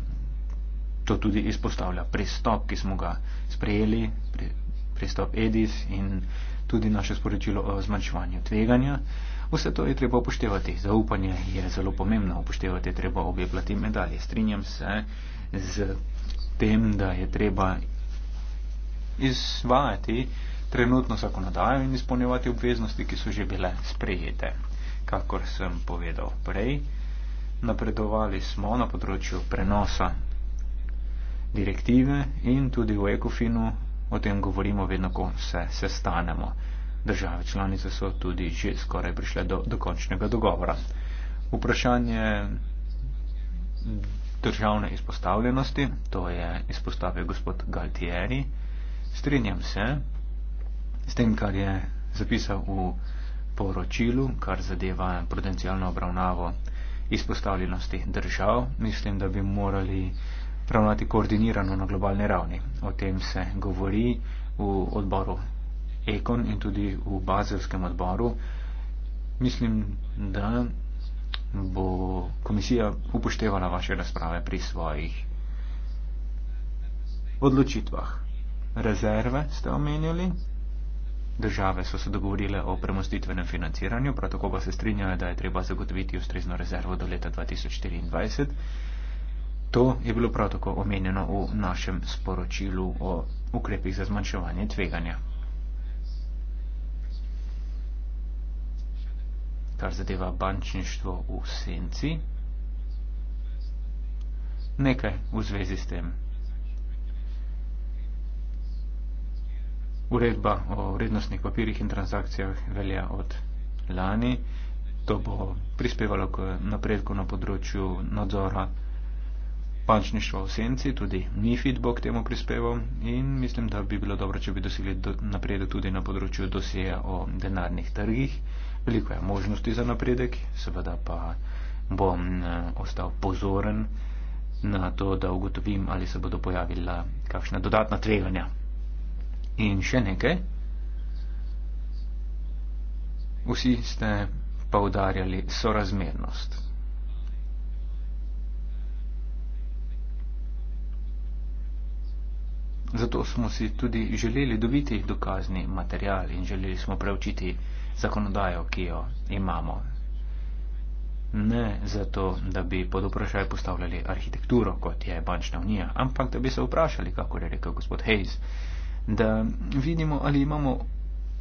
to tudi izpostavlja pristop, ki smo ga sprejeli, pristop EDIS in tudi naše sporočilo o zmanjševanju tveganja. Vse to je treba upoštevati. Zaupanje je zelo pomembno, upoštevati je treba obje plati medalje. Strinjam se z tem, da je treba izvajati uh, trenutno zakonodajo in izpolnjevati obveznosti, ki so že bile sprejete. Kakor sem povedal prej, napredovali smo na področju prenosa direktive in tudi v ECOFINu o tem govorimo vedno, ko se sestanemo. Države članice so tudi že skoraj prišle do dokončnega dogovora. Vprašanje državne izpostavljenosti, to je izpostavil gospod Galtieri, strinjam se, s tem, kar je zapisal v poročilu, kar zadeva prudencialno obravnavo izpostavljenosti držav, mislim, da bi morali ravnati koordinirano na globalni ravni. O tem se govori v odboru Ekon in tudi v bazilskem odboru. Mislim, da bo komisija upoštevala vaše razprave pri svojih odločitvah. Rezerve ste omenili države so se dogovorile o premostitvenem financiranju, prav tako pa se strinjajo, da je treba zagotoviti ustrezno rezervo do leta 2024. To je bilo prav tako omenjeno v našem sporočilu o ukrepih za zmanjševanje tveganja. Kar zadeva bančništvo v senci. Nekaj v zvezi s tem uredba o vrednostnih papirjih in transakcijah velja od lani. To bo prispevalo k napredku na področju nadzora bančništva v senci, tudi MIFID bo k temu prispeval in mislim, da bi bilo dobro, če bi dosegli do, napredek tudi na področju dosjeja o denarnih trgih. Veliko je možnosti za napredek, seveda pa bom eh, ostal pozoren na to, da ugotovim, ali se bodo pojavila kakšna dodatna tveganja. In še nekaj. Vsi ste poudarjali sorazmernost. Zato smo si tudi želeli dobiti dokazni material in želeli smo preučiti zakonodajo, ki jo imamo. Ne zato, da bi pod vprašaj postavljali arhitekturo, kot je bančna unija, ampak da bi se vprašali, kako je rekel gospod Hayes da vidimo, ali imamo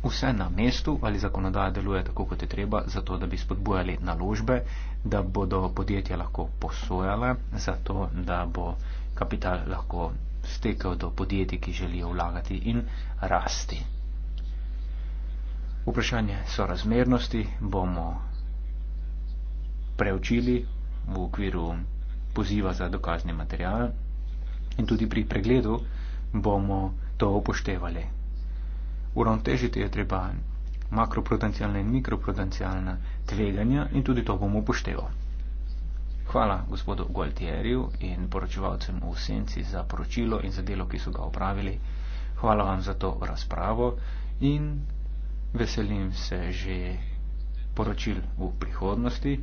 vse na mestu, ali zakonodaja deluje tako, kot je treba, zato da bi spodbujali naložbe, da bodo podjetja lahko posojale, zato da bo kapital lahko stekel do podjetij, ki želijo vlagati in rasti. Vprašanje sorazmernosti bomo preučili v okviru poziva za dokazni material in tudi pri pregledu bomo to upoštevali. Uravnotežiti je treba makroprudencialna in mikroprudencialna tveganja in tudi to bomo upoštevali. Hvala gospodu Gualtieriju in poročevalcem v senci za poročilo in za delo, ki so ga upravili. Hvala vam za to razpravo in veselim se že poročil v prihodnosti.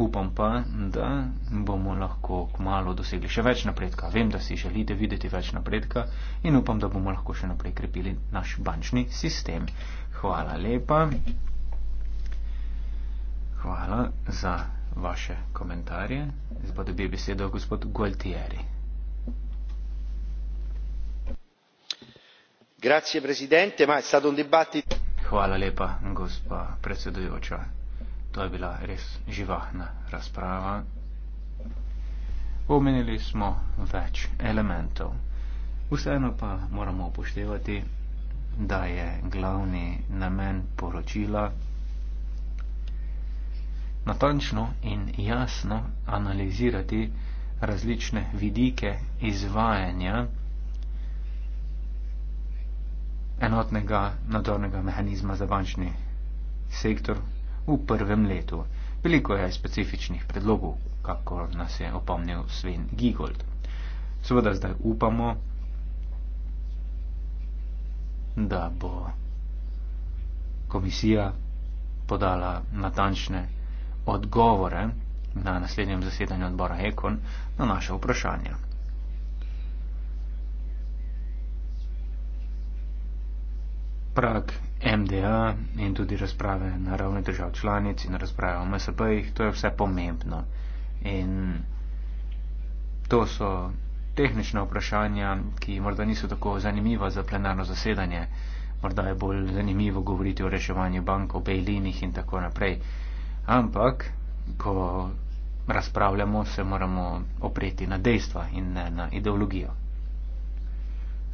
Upam pa, da bomo lahko kmalo dosegli še več napredka. Vem, da si želite videti več napredka in upam, da bomo lahko še naprej krepili naš bančni sistem. Hvala lepa. Hvala za vaše komentarje. Zdaj pa dobi besedo gospod Gualtieri. Grazie, Hvala lepa, gospa predsedujoča. To je bila res živahna razprava. Omenili smo več elementov. Vseeno pa moramo upoštevati, da je glavni namen poročila natančno in jasno analizirati različne vidike izvajanja enotnega nadzornega mehanizma za bančni sektor v prvem letu. Veliko je specifičnih predlogov, kako nas je opomnil Sven Gigold. Seveda zdaj upamo, da bo komisija podala natančne odgovore na naslednjem zasedanju odbora Ekon na naše vprašanje. Prag, MDA in tudi razprave na ravni držav članic in razprave o MSP-jih, to je vse pomembno. In to so tehnična vprašanja, ki morda niso tako zanimiva za plenarno zasedanje, morda je bolj zanimivo govoriti o reševanju bankov, bejlinih in tako naprej. Ampak, ko razpravljamo, se moramo opreti na dejstva in ne na ideologijo.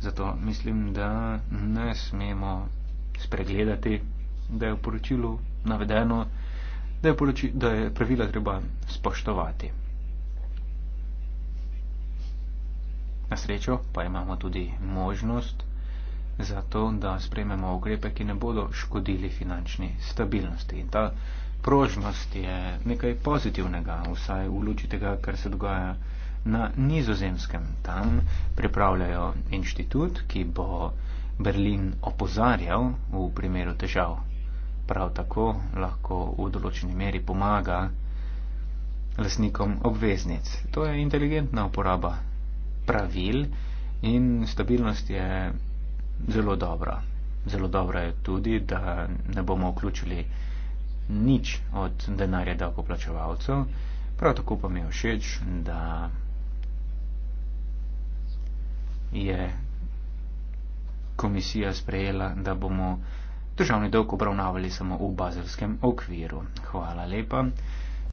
Zato mislim, da ne smemo spregledati, da je v poročilu navedeno, da je, poroči, da je pravila treba spoštovati. Na srečo pa imamo tudi možnost za to, da sprejmemo ukrepe, ki ne bodo škodili finančni stabilnosti. In ta prožnost je nekaj pozitivnega, vsaj v luči tega, kar se dogaja na nizozemskem. Tam pripravljajo inštitut, ki bo Berlin opozarjal v primeru težav. Prav tako lahko v določeni meri pomaga lasnikom obveznic. To je inteligentna uporaba pravil in stabilnost je zelo dobra. Zelo dobro je tudi, da ne bomo vključili nič od denarja davkoplačevalcev. Prav tako pa mi je všeč, da je komisija sprejela, da bomo državni dolg obravnavali samo v bazilskem okviru. Hvala lepa.